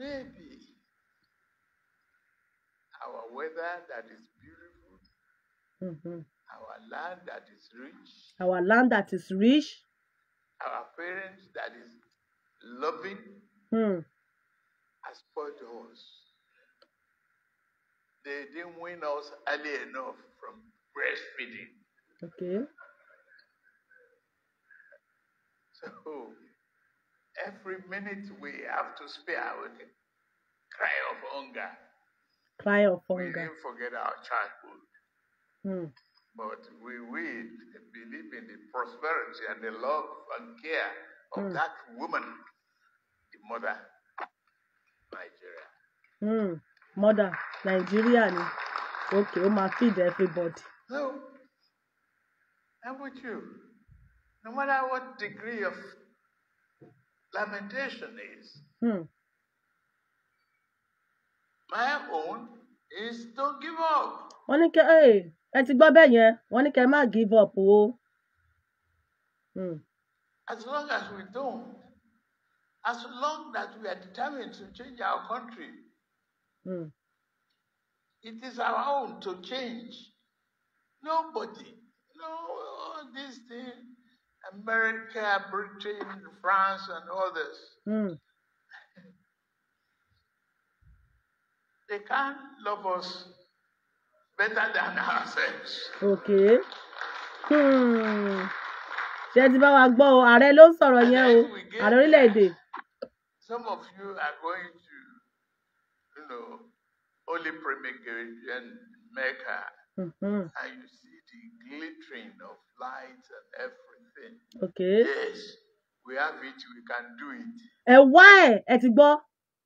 C: Maybe our weather that is beautiful. Mm-hmm. Our land that is rich.
A: Our land that is rich.
C: Our parents that is loving. Mm. Has spoiled us. they didn't win us early enough from breastfeeding. Okay. So every minute we have to spare with cry of hunger.
A: Cry of hunger. We didn't
C: forget our childhood. Hmm. But we will believe in the prosperity and the love and care of hmm. that woman, the mother Nigeria. Hmm.
A: mọ́dà nàìjíríà ni ok ó máa feed everybody.
C: no i'm with you no matter what degree of lamentation is. Hmm. my own is don't give up.
A: wọ́n ní kẹ́ ẹ ti gbọ́ bẹ́ẹ̀ yẹn wọ́n ní kẹ́ ẹ má give up o. Hmm.
C: as long as we don't as long as we are determined to change our country. Mm. It is our own to change. Nobody, no, all these things, America, Britain, France, and others, mm. they can't love us better than ourselves.
A: Okay. Hmm. ṣe ti bá wa gbọ́ o ààrẹ ló ń sọ̀rọ̀ yẹn o ààrẹ orílẹ̀-èdè.
C: Some of you are going to you know, holy promulgation Mecca. Mm-hmm. And you see the glittering of lights and everything. Okay. Yes, we have it, we can do it.
A: Ẹ wá ẹ̀ ẹ ti gbọ́.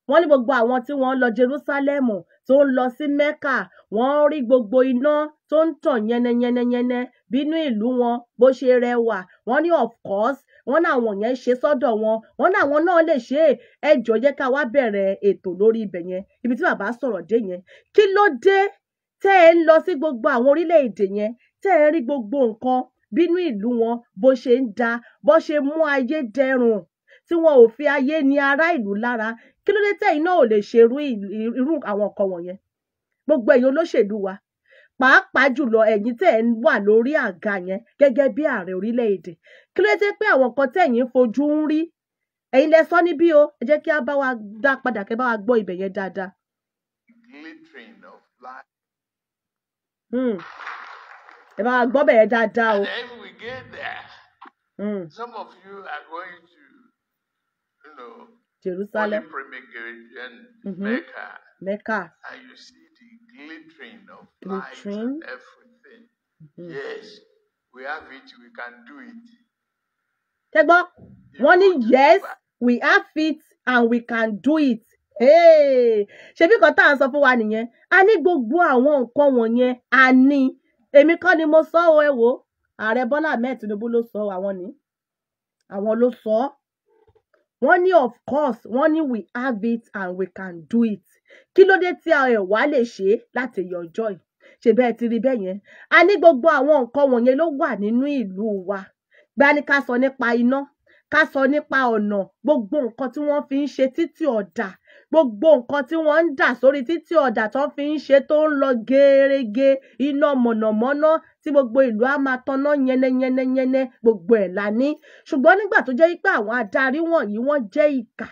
A: Wọ́n ní gbogbo àwọn tí wọ́n ń lọ Jerusalem tó ń lọ sí Mecca, wọ́n ń rí gbogbo iná tó ń tàn yẹnẹyẹnẹyẹnẹ bínú ìlú wọn bó ṣe rẹwà. Wọ́n ní of course wọ́n láwọn yẹn ń ṣe sọ́dọ̀ wọn wọ́n láwọn náà lè ṣe é ẹjọ́ yẹ ká wá bẹ̀rẹ̀ ètò lórí ibẹ̀ yẹn ibi tí bàbá sọ̀rọ̀ dé yẹn kí ló dé tẹ́ ẹ ń lọ sí gbogbo àwọn orílẹ̀-èdè yẹn tẹ́ ẹ rí gbogbo nǹkan bínú ìlú wọn bó ṣe ń da bó ṣe mú ayé dẹrùn tí wọn ò fi ayé ní ará ìlú lára kí ló dé tẹ́yìn náà ò lè ṣe irú àwọn nǹkan wọ̀nyẹn gbogbo ẹ̀yin olóṣèlú wa pàápàá jùlọ ẹ̀yin tẹ́ ẹ̀ ń wà lórí àga yẹn gẹ́gẹ́ bí ààrẹ orílẹ̀ kí ló dé pé àwọn nǹkan tẹ̀yìn ń fojú ń rí ẹ̀yin lẹ sọ níbí o ẹ jẹ́ kí a bá wa dá padà kẹ́ bá wa gbọ́ ibẹ̀ yẹn dáadáa.
C: glittering of light.
A: Mm. ẹ bá wa gbọ́ bẹ̀ yẹn dáadáa o.
C: Hmm. Jerusalem and mm mm-hmm. Mecca. Mecca. and you see the glittering of glittering. light and everything. Mm-hmm. yes we have it we can do it
A: tẹ́gbọ́n wọ́n ní yes we have it and we can do it ṣebí kan tá à ń sọ fún wa nìyẹn a ní gbogbo àwọn nǹkan wọ̀nyẹn a ní èmi kọ́ ni mo sọ ọ́ ẹ wò ààrẹ Bọ́lá Ahmed Tinubu ló sọ àwọn ni àwọn ló sọ ọ́ wọ́n ní of course wọ́n ní we have it and we can do it kí ló dé tí ẹ wá lè ṣe láti yọ ọjọ́ yìí ṣe bẹ́ẹ̀ ti rí bẹ́ẹ̀ yẹn a ní gbogbo àwọn nǹkan wọ̀nyẹn ló wà nínú ìlú wa bá ní ká sọ nípa iná ká sọ nípa ọ̀nà gbogbo nǹkan tí wọ́n fi ń ṣe títì ọ̀dà gbogbo nǹkan tí wọ́n ń dà sórí títì ọ̀dà tó fi ń ṣe tó ń lọ gẹ́rẹ́gẹ́ iná mọ̀nàmọ́ná tí gbogbo ìlú á máa tanná yẹnẹyẹnẹyẹnẹ gbogbo ẹ̀ la ní ṣùgbọ́n nígbà tó jẹ́ pé àwọn adarí wọ̀nyí wọ́n jẹ́ ìkà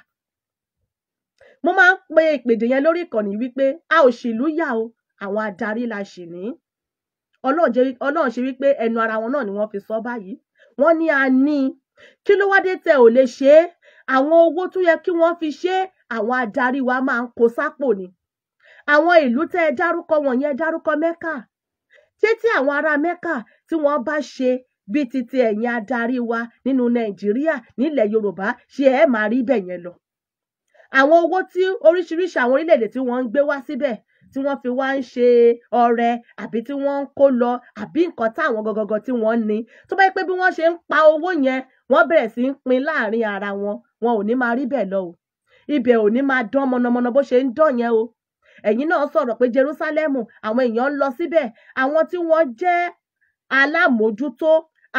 A: mo máa ń pe ìpèdè yẹn lórí ìkànnì wípé a ò ṣèlú yà o àwọn adarí la ṣì ní ọlọ́run ṣe wípé ẹnu ara wọn náà ni wọ́n fi sọ báyìí wọ́n ní a ní kí ló wá dé tẹ́ ò lè ṣe é àwọn owó tó yẹ kí wọ́n fi ṣe é àwọn adarí wa máa ń kó sápò ni àwọn ìlú tẹ́ ẹ dárúkọ wọn yẹn dárúkọ Mẹ́kà ṣé tí àwọn ará Mẹ́kà tí wọ́n bá ṣe bíi titi ẹ̀yin adarí wa nínú Nàìjíríà nílẹ̀ Yorùbá ṣé ẹ máa rí bẹ́ẹ̀ yẹn lọ àwọn owó tí oríṣiríṣi àwọn orílẹ̀-èdè tí wọ́n ń gbé wá síbẹ̀ tí wọ́n fi wá ń ṣe ọrẹ àbí tí wọ́n ń kó lọ àbí nǹkan táwọn gọgọgọ tí wọ́n ní tó bá yẹ pé bí wọ́n ṣe ń pa owó yẹn wọ́n bẹ̀rẹ̀ sí ń pín láàrin ara wọn wọn ò ní máa rí bẹ́ẹ̀ lọ o ibẹ̀ ò ní máa dán mọ̀nàmọ́ná bó ṣe ń dán yẹn o ẹ̀yin náà sọ̀rọ̀ pé Jerúsálẹ́mù àwọn èèyàn ń lọ síbẹ̀ àwọn tí wọ́n jẹ́ alámòójútó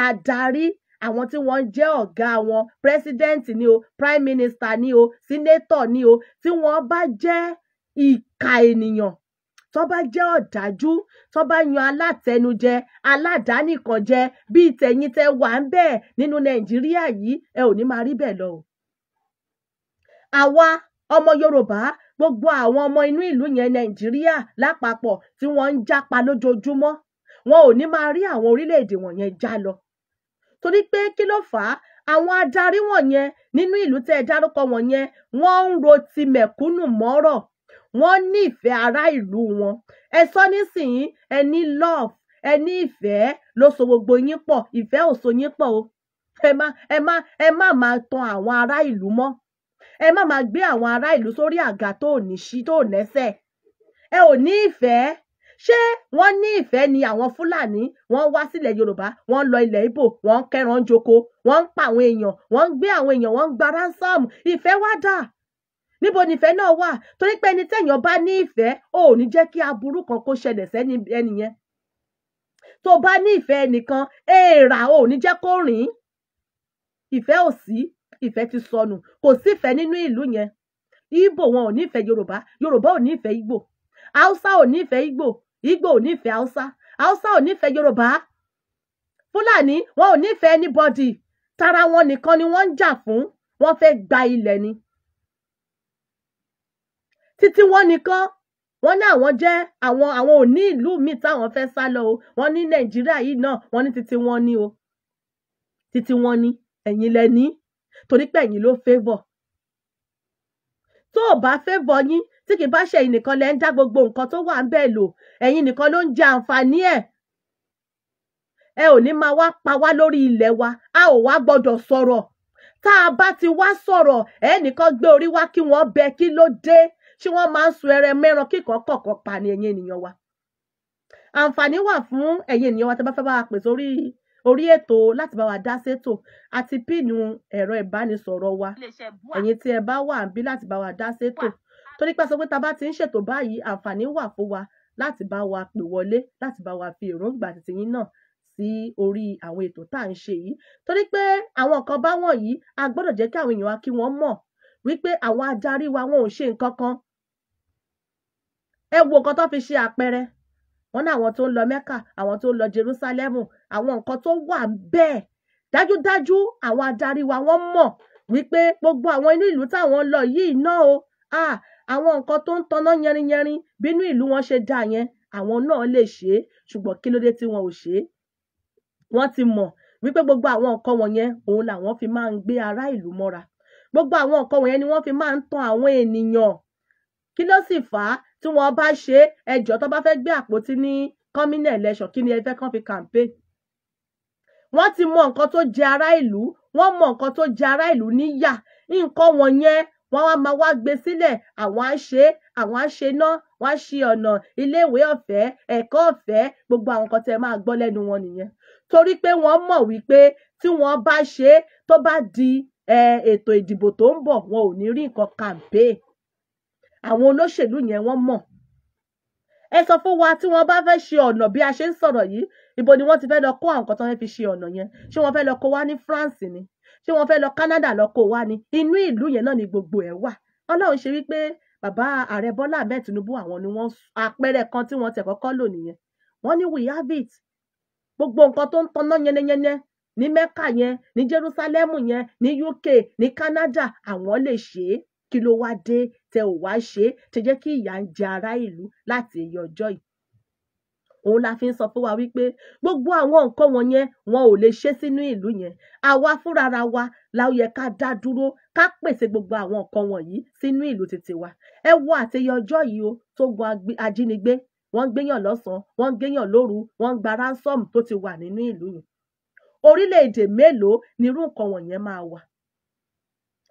A: adarí àwọn tí wọ́n jẹ́ ọ̀gá wọn president ni o prime minister ni o senator ni o tí wọ́n bá jẹ́ ìka ènìyàn tó bá jẹ́ ọ̀dájú tó bá yan alátẹnujẹ aládàáníkanjẹ bíi tẹ̀yin tẹ wà ń bẹ́ẹ̀ nínú nàìjíríà yìí ẹ ò ní máa rí bẹ́ẹ̀ lọ o. àwa ọmọ yorùbá gbogbo àwọn ọmọ inú ìlú yẹn nàìjíríà lápapọ̀ tí wọ́n ń jápa lójoojúmọ́ wọn ò ní máa rí àwọn orílẹ̀-èdè wọ̀nyẹn já lọ torí pé kí ló fà á àwọn adarí wọ̀nyẹn nínú ìlú tẹ́ ẹ dárúkọ wọ̀nyẹn wọ́n ń ro ti mẹ̀kúnnù mọ́rọ̀ wọ́n nífẹ̀ẹ́ ará ìlú wọn ẹ sọ nísìnyí ẹ ní love ẹ ní ìfẹ́ ló so gbogbo yín pọ̀ ìfẹ́ ò so yín pọ̀ o ẹ má ẹ má ẹ má máa tan àwọn ará ìlú mọ́ ẹ má máa gbé àwọn ará ìlú sórí àga tó ò ní sí tó ò nẹ́sẹ̀ ẹ ò ní ìfẹ́ ṣé wọ́n ní ìfẹ́ ni àwọn fúlàní wọ́n wá sílẹ̀ yorùbá wọ́n lọ ilẹ̀ ìbò wọ́n kẹran joko wọ́n ń pa àwọn èèyàn wọ́n ń gbé àwọn èèyàn wọ́n ń gba ransom ìfẹ́ wá dà níbo nìfẹ́ náà wà torí pé ẹni tẹ̀yàn bá ní ìfẹ́ ò ní jẹ́ kí aburú kan kó ṣẹlẹ̀ sẹ́ni ẹni yẹn tó bá ní ìfẹ́ ẹnìkan èèrà ò ní jẹ́ kó rìn ìfẹ́ ò sí ìfẹ́ ti sọnù kò sífẹ́ nínú ìlú yẹn Ìgbò wọn ò nífẹ̀ẹ́ Yorùbá Yorùbá ò nífẹ̀ẹ́ Ìgbò Haúsá ò nífẹ̀ẹ́ Ìgbò Ìgbò ò nífẹ̀ẹ́ Haúsá Haúsá ò nífẹ̀ẹ́ Yorùbá Fúlàní wọn ò nífẹ̀ẹ́ anybody tara wọn nìkan ni wọ́n ń jà fún wọ́n fẹ́ gba ilẹ̀ ni títí wọ́n nìkan wọ́n ní àwọn jẹ́ àwọn àwọn òní ìlú míì táwọn fẹ́ sá lọ o wọ́n ní nàìjíríà yìí náà wọ́n ní títí wọ́n ní o títí wọ́n ní ẹ̀yin lẹ ní torí pé ẹ̀yin ló favour tó o bá favour yín tí kì í bá ṣe ẹ̀yin nìkan lẹ ń dá gbogbo nǹkan tó wà ń bẹ̀ lò ẹ̀yin nìkan ló ń jẹ àǹfààní ẹ̀ ẹ ò ní máa wá pa wá lórí ilẹ̀ wa a ò wá gbọ́dọ̀ sọ̀rọ̀ tá a bá ti wá sọ̀rọ̀ ẹnìkan gbé orí wá kí wọ́n bẹ kí ló dé ṣé wọ́n máa ń sun ẹrẹ mẹ́ran kíkan kọ̀ọ̀kan pa ni ẹ̀yin ènìyàn wa àǹfààní wà fún ẹ̀yin ènìyàn wa tí a bá fẹ́ bá wa pè sórí orí ètò láti bá wa dá sétò àti píìnù ẹ̀rọ ìbánisọ̀rọ̀ wa ẹ̀yin tí ẹ bá wà ń bí láti bá wa dá sétò torí pé sọ pé tá a bá ti ń ṣètò báyìí àǹfààní wà fún wa láti bá wa pè wọlé láti bá wa fi èròǹgbà tìyín náà sí orí àwọn ètò tá à ń ṣe yìí torí pé àwọn nǹkan bá wọ̀nyí a gbọ́dọ̀ jẹ́ kí àwọn èèyàn wa kí wọ́n mọ̀ wípé àwọn adarí wa wọn ò ṣe nǹkan kan ẹ wo nǹkan tó fi ṣe àpẹẹrẹ wọn ní àwọn tó ń lọ Mẹ́kà àwọn tó ń lọ Jerúsálẹ́mù àwọn nǹkan tó wà bẹ́ẹ̀ dájúdájú àwọn adarí wa wọ́n mọ̀ wípé gbogbo àwọn inú ìlú táwọn lọ yìí náà o àwọn nǹkan tó ń tanná yẹrinyẹrin bínú ìlú wọn ṣe dà yẹn àwọn náà lè ṣe é ṣùgbọ́n kí ló dé tí wọn ò ṣe é wọ́n ti mọ̀ wípé gbogbo àwọn nǹkan wọ̀nyẹn òun làwọn fi máa ń gbé ará ìlú mọ́ra gbogbo àwọn nǹkan wọ̀nyẹn ni wọ́n fi máa ń tan àwọn ènìyàn kí ló sì fà á tí wọ́n bá ṣe ẹjọ́ tó bá fẹ́ gbé àpótí ní kọ́mínà election kí ni ẹ fẹ́ kàn fi campaign wọ́n ti mọ nǹkan tó jẹ ará ìlú wọ́n mọ nǹkan tó jẹ ará ìlú níyà nǹkan wọn yẹn wọ́n wá máa wá gbé sílẹ̀ àwọn á ṣe àwọn á ṣe náà wọ́n á ṣe ọ̀nà iléèwé ọ̀fẹ́ ẹ̀kọ́ ọ̀fẹ́ gbogbo àwọn nǹkan tẹ́ máa gbọ́ lẹ́nu wọn nìyẹn torí pé wọ́n mọ̀ wípé tí wọ́n bá ṣe tó bá di ètò ìdìbò tó ń bọ̀ wọn ò ní rí nǹkan campaign àwọn olóṣèlú yẹn wọ́n mọ̀ ẹ sọ fún wa tí wọ́n bá fẹ́ ṣe ọ̀nà bí a ṣe ń sọ̀rọ̀ yìí ibo ni wọ́n ti fẹ́ lọ kó àwọn nǹkan tó fẹ́ fi ṣe ọ̀nà yẹn ṣé wọ́n fẹ́ lọ kó wá ní France ni ṣé wọ́n fẹ́ lọ Canada lọ kó wá ni inú ìlú yẹn náà ni gbogbo ẹ̀ wà Ọlọ́run ṣe wípé bàbá ààrẹ Bọ́lá Ahmed Tinubu àwọn ni wọ́n àpẹẹrẹ kan tí wọ́n tẹ̀ kọ́kọ́ lò nìyẹn wọ́n ní we have it gbogbo nǹkan tó ń tanná yẹnẹyẹnẹ ní Mẹ́kà yẹn ní Jerúsálẹ́mù yẹn ní UK ní Canada àwọn lè ṣe é kí ló wá dé tẹ ò wá ṣe é tẹ jẹ́ kí ìyà ń jẹ ará ìlú láti èyí ọjọ́ yìí òun la fi ń sọ fún wa wípé gbogbo àwọn nǹkan wọn yẹn wọn ò lè ṣe sínú ìlú yẹn àwa fúnrara wa la ó yẹ ká dá dúró ká pèsè gbogbo àwọn nǹkan wọ̀nyí sínú ìlú tètè wa ẹ wo àtẹyẹ ọjọ́ yìí o tó gun ajínigbé wọ́n ń gbéyàn lọ́sàn-án wọ́n ń gbéyàn lóru wọ́n ń gba ransom tó ti wà nínú ìlú yẹn orílẹ̀-èdè mélòó nirú nǹkan wọ̀nyẹn máa wà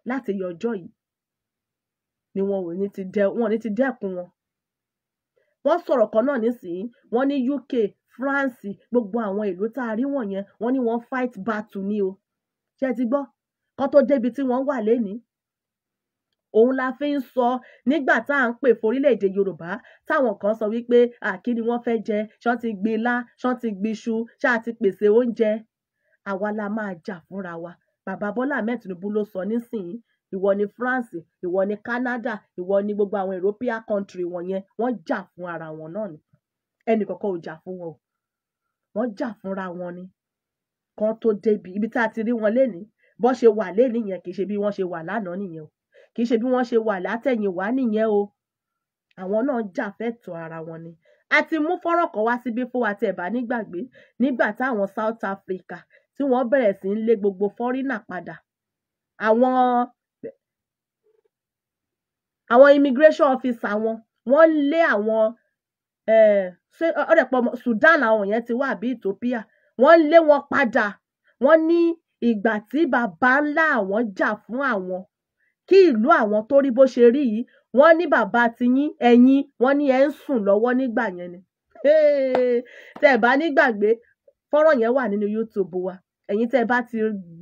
A: láti yọ ọjọ́ yìí ni wọn ò ní ti dẹ wọn ò ní ti dẹ́kun wọn. wọ́n sọ̀rọ̀ kan náà nísìnyí wọ́n ní UK France gbogbo àwọn ìlú tá a rí wọ̀nyẹn wọ́n ní wọ́n fight battle ni o ṣe ti gbọ́ kó tó débi tí wọ́n wà lénìí òun la fi ń sọ nígbà tá à ń pè forílẹ̀-èdè Yorùbá táwọn kan sọ wípé àkí ni wọ́n fẹ́ jẹ ṣán ti gbin ilá ṣán ti gbin iṣu ṣá ti pèsè oúnjẹ àwa la máa jà fúnra wa bàbá Bọ́lá Ahmed Tinubu ló sọ nísìnyí ìwọ ni France ìwọ ni Canada ìwọ ni gbogbo àwọn European country wọ̀nyẹn wọ́n jà fún ara wọn náà ni ẹnì kọ̀ọ̀kan ò jà fún wọn o wọ́n jà fúnra wọn ni kan tó débi ibi tá a ti rí wọn lénìí bọ́ ṣe wà lénìí yẹn kì í ṣe bí wọ́n ṣe wà lánàá nìyẹn o kì í ṣe bí wọ́n ṣe wà látẹ̀yìnwá nìyẹn o àwọn náà jà fẹ́tọ̀ọ́ ara wọn ni a ti mú fọ́rọ̀ kan wá síbí fún wa tẹ̀ bá nígbàgbé nígbà táwọn South Africa tí wọ́n bẹ̀rẹ̀ sí ń lé gbogbo fọ́rínà padà àwọn àwọn immigration officer wọn wọ́n lé àwọn ṣé ọ̀rẹ́pọ̀ Sudan àwọn yẹn ti wá àbí Ethiopia wọ́n lé wọn padà wọ́n ní ìgbà tí bàbá ńlá àwọn jà fún àwọn kí ìlú àwọn tó rí bó ṣe rí yìí wọ́n ní bàbá tiyín ẹ̀yin wọ́n ní ẹ̀ ń sùn lọ́wọ́ nígbà yẹn ni tẹ́ ẹ bá nígbàgbé fọ́nrán yẹn wà nínú YouTube wa ẹ̀yin tẹ́ ẹ bá ti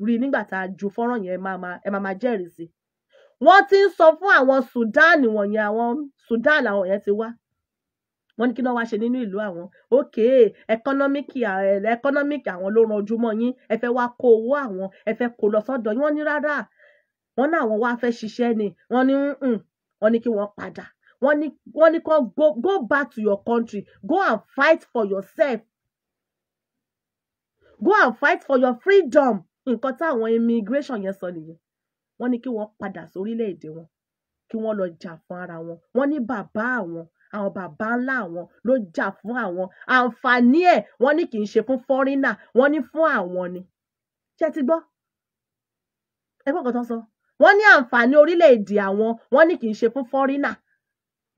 A: rí nígbà tá a ju fọ́nrán yẹn ẹ máa máa jẹ́rìí sí i wọ́n ti ń sọ fún àwọn Sudan wọ̀nyẹn àwọn Sudan làwọn yẹn ti wá wọ́n ní kí náà wá ṣe nínú ìlú àwọn òkè ẹkọnọmíkì ẹkọnọmíkì àwọn ló ranjú mọ́ yín ẹ fẹ́ wá kó owó àwọn ẹ fẹ́ kó lọ sọ́dọ̀ yín wọ́n ní rárá wọ́n ní àwọn wá fẹ́ ṣiṣẹ́ ni wọ́n ní nǹkan wọ́n ní kí wọ́n padà wọ́n ní wọ́n ní kó go go back to your country go and fight for yourself go and fight for your freedom nǹkan táwọn immigration yẹn sọ nìyẹn wọ́n ní kí wọ́n padà sórílẹ̀-èdè wọn kí wọ́n lọ jà fún ara wọn wọ́n ní bàbá àwọn àwọn bàbá ńlá àwọn ló jà fún àwọn àǹfààní ẹ̀ wọ́n ní kì í ṣe fún fọ́rínà wọ́n ní fún àwọn ni ṣé ti gbọ́ ẹ gbọ́ kan tó sọ wọ́n ní àǹfààní orílẹ̀-èdè àwọn wọ́n ní kì í ṣe fún fọ́rínà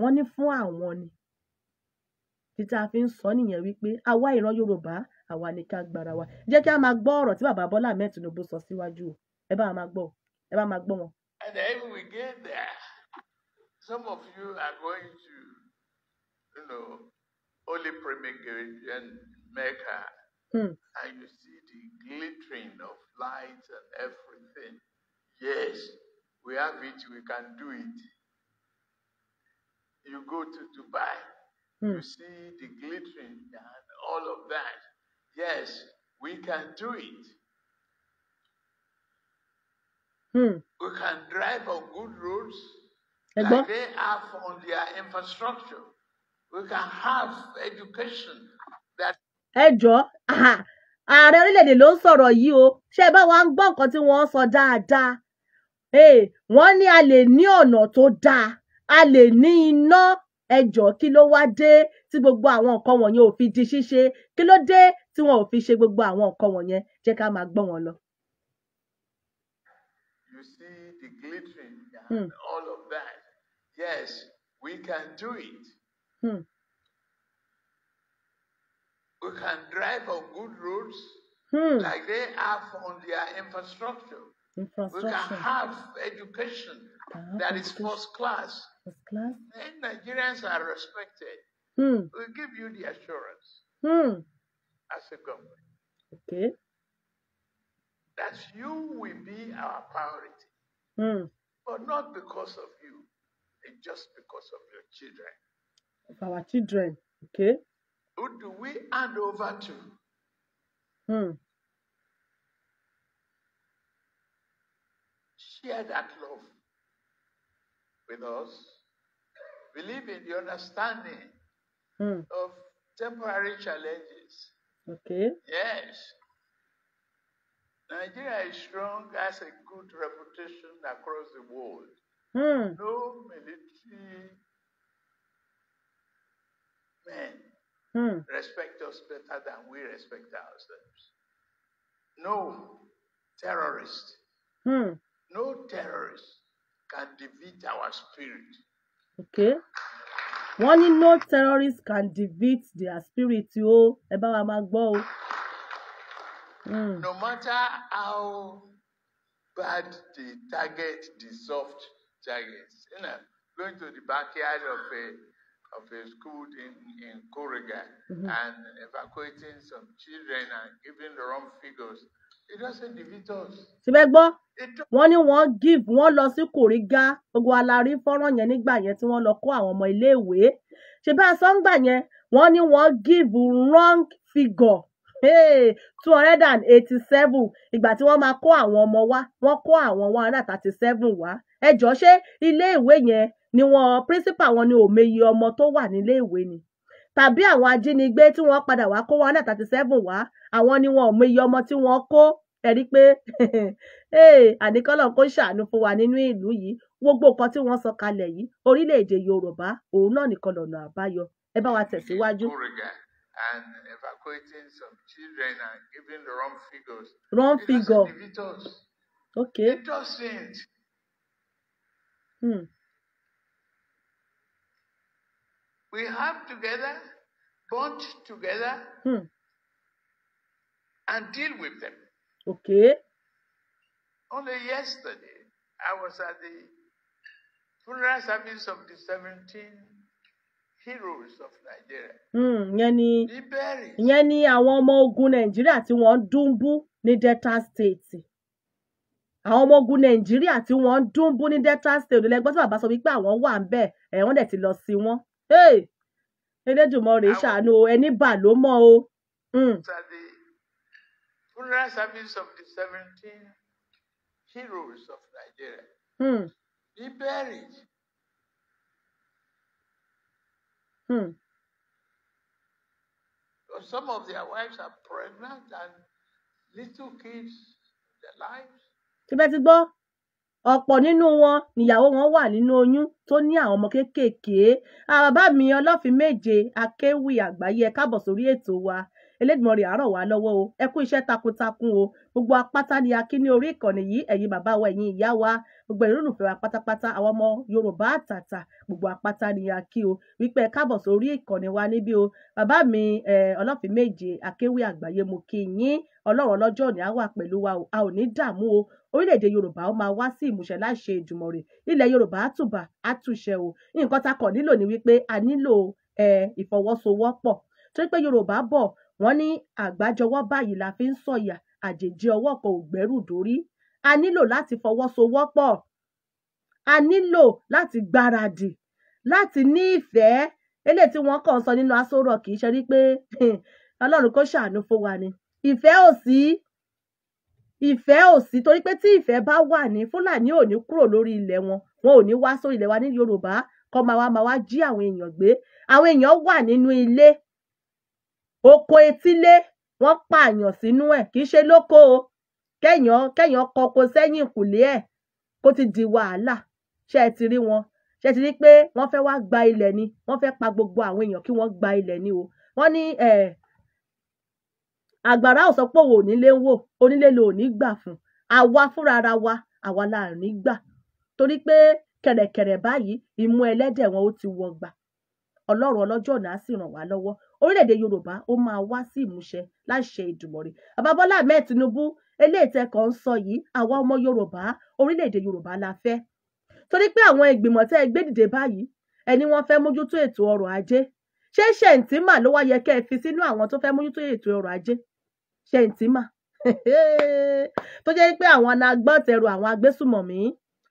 A: wọ́n ní fún àwọn ni títa fi ń sọ nìyẹn wípé àwa ìran Yorùbá àwa ni ká gbára wa jẹ́ kí a máa gbọ́ ọ̀rọ̀ tí bàbá Bọ́lá Ahmed Tinubu sọ síwájú ẹ bá a máa gbọ́ ọ. and
C: then we get there some of you are going to you know only premigration mecca. Hmm. and you see the glittering of lights and everything yes we have it we can do it you go to dubai. Hmm. You see the glittering and all of that. Yes, we can do it. Hmm. We can drive on good roads Ẹgbọ́n. like they have on their infrastructure. We can have education that.
A: Ẹ jọ̀ọ́, ààrẹ orílẹ̀-èdè ló ń sọ̀rọ̀ yìí o, ṣé ẹ bá wa ń gbọ́ nǹkan tí wọ́n ń sọ dáadáa? Wọ́n ní a lè ní ọ̀nà tó dáa, a lè ní iná ẹjọ́ kí ló wá dé tí gbogbo àwọn nǹkan wọ̀nyẹn ò fi di ṣíṣe, kí ló dé tí wọn ò fi ṣe gbogbo àwọn nǹkan wọ̀nyẹn, jẹ́ ká máa gbọ́ wọn lọ.
C: hmm. and all of that. Yes, we can do it. Hmm. We can drive on good roads hmm. like they have on their infrastructure. infrastructure. We can have education that first class. First class. Then Nigerians are respected. Hmm. We give you the assurance hmm. as a government. Okay. That you will be our priority. Hmm but not because of you. It's just because of your children.
B: Of our
A: children, okay?
C: Who do we hand over to? Hmm. Share that love with us. Believe in the understanding hmm. of temporary challenges. Okay. Yes. Nigeria is strong, has a good reputation across the world. Hmm. No military men hmm. respect us better than we respect ourselves. No terrorist, hmm. no terrorist can defeat our spirit.
A: Okay. wọ́n ní no terrorist can defeat their spirit o ẹ bá wa máa gbọ́ o.
C: Mm. No matter how bad the target, the soft targets, you know, going to the backyard of a of a school in in Kuriga mm-hmm. and evacuating some children and giving the wrong figures. It doesn't defeat us.
A: Síbẹ̀ gbọ́, wọ́n ní wọ́n give wọ́n lọ sí Kuriga, gbogbo alárí fọ́nrán yẹn nígbà yẹn tí wọ́n lọ kó àwọn ọmọ iléèwé. Ṣé bá a sọ ń gbà yẹn, wọ́n ní wọ́n give wrong figure hey, two hundred and eighty-seven ìgbà tí wọ́n máa kó àwọn ọmọ wá wọ́n kó àwọn one hundred and thirty-seven wá ẹ jọ ṣé ilé ìwé yẹn ni wọ́n principal wọn ni òmeyì ọmọ tó wà nílé ìwé ni tàbí àwọn ajínigbé tí wọ́n padà wá kó one hundred and thirty-seven wá àwọn ni wọn òmeyì ọmọ tí wọ́n kó ẹ pé <laughs> àníkọ́lọ̀ kó ṣàánú fún wa nínú ìlú yìí gbogbo nǹkan tí wọ́n sọ kalẹ̀ yìí orílẹ̀-èdè Yorùbá òun náà nìkan lọ́nà àbáyọ ẹ bá wa tẹ̀síwájú.
C: and evacuating some children are giving the wrong figures. Wrong figure. Individuals. Okay. It doesn't. Hmm. We have together, bond together, hmm. and deal with them. Okay. Only yesterday, I was at the funeral service of the 17th. heroes of
A: Nigeria. Hmm, ìyẹn ni ìyẹn ni àwọn ọmọ ogun Nàìjíríà tí wọ́n ń dùnbú ní Delta State àwọn ọmọ ogun Nàìjíríà tí wọ́n ń dùnbú ní Delta State lẹ́gbọ́n tí bàbá sọ wípé àwọn wà ń bẹ̀ ẹ̀ wọ́n dẹ̀ ti lọ sí wọn. Elédùmarè ṣàánú ẹni bà ló mọ̀ o. Hmm.
C: Funeral service of the seventeen heroes of Nigeria. Mm. He buried Hmm. Some of their wives are pregnant and little kids their lives.
A: Ṣé gbọ́? Ọ̀pọ̀ nínú wọn nìyàwó wọn wà nínú oyún tó ní àwọn ọmọ kéékèèké. Àbá mi ọlọ́fin méje akéwì àgbáyé ẹ sórí ètò wa. Elédìmọ̀rì àárọ̀ wá lọ́wọ́ o. Ẹ kú iṣẹ́ takuntakun o. Gbogbo apáta ni a kí ní orí ìkànnì yìí ẹ̀yin bàbá wa ẹ̀yin ìyá wa gbogbo ẹ̀rọ olùfẹ́ wa pátápátá àwọn ọmọ Yorùbá àtàtà gbogbo apáta ni a kí o wípé ẹ káàbọ̀ sórí ìkànnì wa níbí o bàbá mi ọlọ́fin méje akéwì àgbáyé mo kí yín ọlọ́run ọlọ́jọ́ òní á wà pẹ̀lú wa a ò ní dààmú o orílẹ̀-èdè yorùbá ó máa wá sí ìmúṣẹ láṣẹ ìjùmọ̀ rẹ̀ ilẹ̀ yorùbá á tùbà o nǹkan tá kàn nílò ni wípé a nílò ìfọwọ́sowọ́pọ̀ torí pé yorùbá bọ̀ wọ́n ní àgbájọwọ́ báyìí la fi ń sọ̀yà àjèjì ọwọ́ kan ò gbẹ́rù dórí a nílò láti fọwọ́sowọ́pọ̀ a nílò láti gbáradì láti ní ìfẹ́ eléyìí tí wọ́n kàn sọ nínú aṣọ rọ̀ kì í ṣe rí pé ọlọ́run kó ṣàánú fún wa ni ìfẹ́ ò sí ìfẹ́ ò sí torí pé tí ìfẹ́ bá wà ní fúlàní ò ní kúrò lórí ilẹ̀ wọn wọn ò ní wá sórí ilẹ̀ wa ní yorùbá kọ́ máa wá máa wá jí àwọn èèyàn gbé àwọn èèyàn wà nínú ilé oko etílé wọ́n pààyàn sínú ẹ̀ kì í ṣe lóko o kẹ́yàn kẹ́yàn kọko sẹ́yìn kùlé ẹ̀ kó ti di wàhálà ṣé ẹ ti rí wọn ṣé ẹ ti rí pé wọ́n fẹ́ wá gba ilẹ̀ ni wọ́n fẹ́ pa gbogbo àwọn èèyàn kí wọ́n gba ilẹ̀ ni o wọ́n ní àgbàrá òsọpọ̀ wò onílé ń wò onílé lò ní gbà fún àwa fúnra ara wa àwa la ní gbà torí pé kẹ̀rẹ̀kẹ̀rẹ̀ báyìí ìmú ẹlẹ́dẹ̀ wọn ó ti wọgbà ọlọ́run ọlọ́jọ́ ọ̀nà á sì ràn wá lọ́wọ́ orílẹ̀ yorùbá ó máa wá sí ìmúṣẹ láṣẹ ìdùmọ̀rẹ́ bàbá bọ́lá ahmed tinubu eléyìí tẹ́ kàn ń sọ yìí àwa ọmọ yorùbá orílẹ̀-èdè yorùbá la fẹ́ torí pé àwọn ìgbìmọ̀ tẹ́ ẹ gbé dìde báyìí ẹni wọ́n fẹ́ mójútó ètò ọrọ̀ ajé ṣé ṣèǹtìmà ló wá yẹ kẹ́ ẹ fi sínú àwọn tó fẹ́ mójútó ètò ọrọ̀ ajé ṣèǹtìmà <laughs> tó jẹ́ pé àwọn agbọ́tẹrù àwọn agbésùmọ̀mí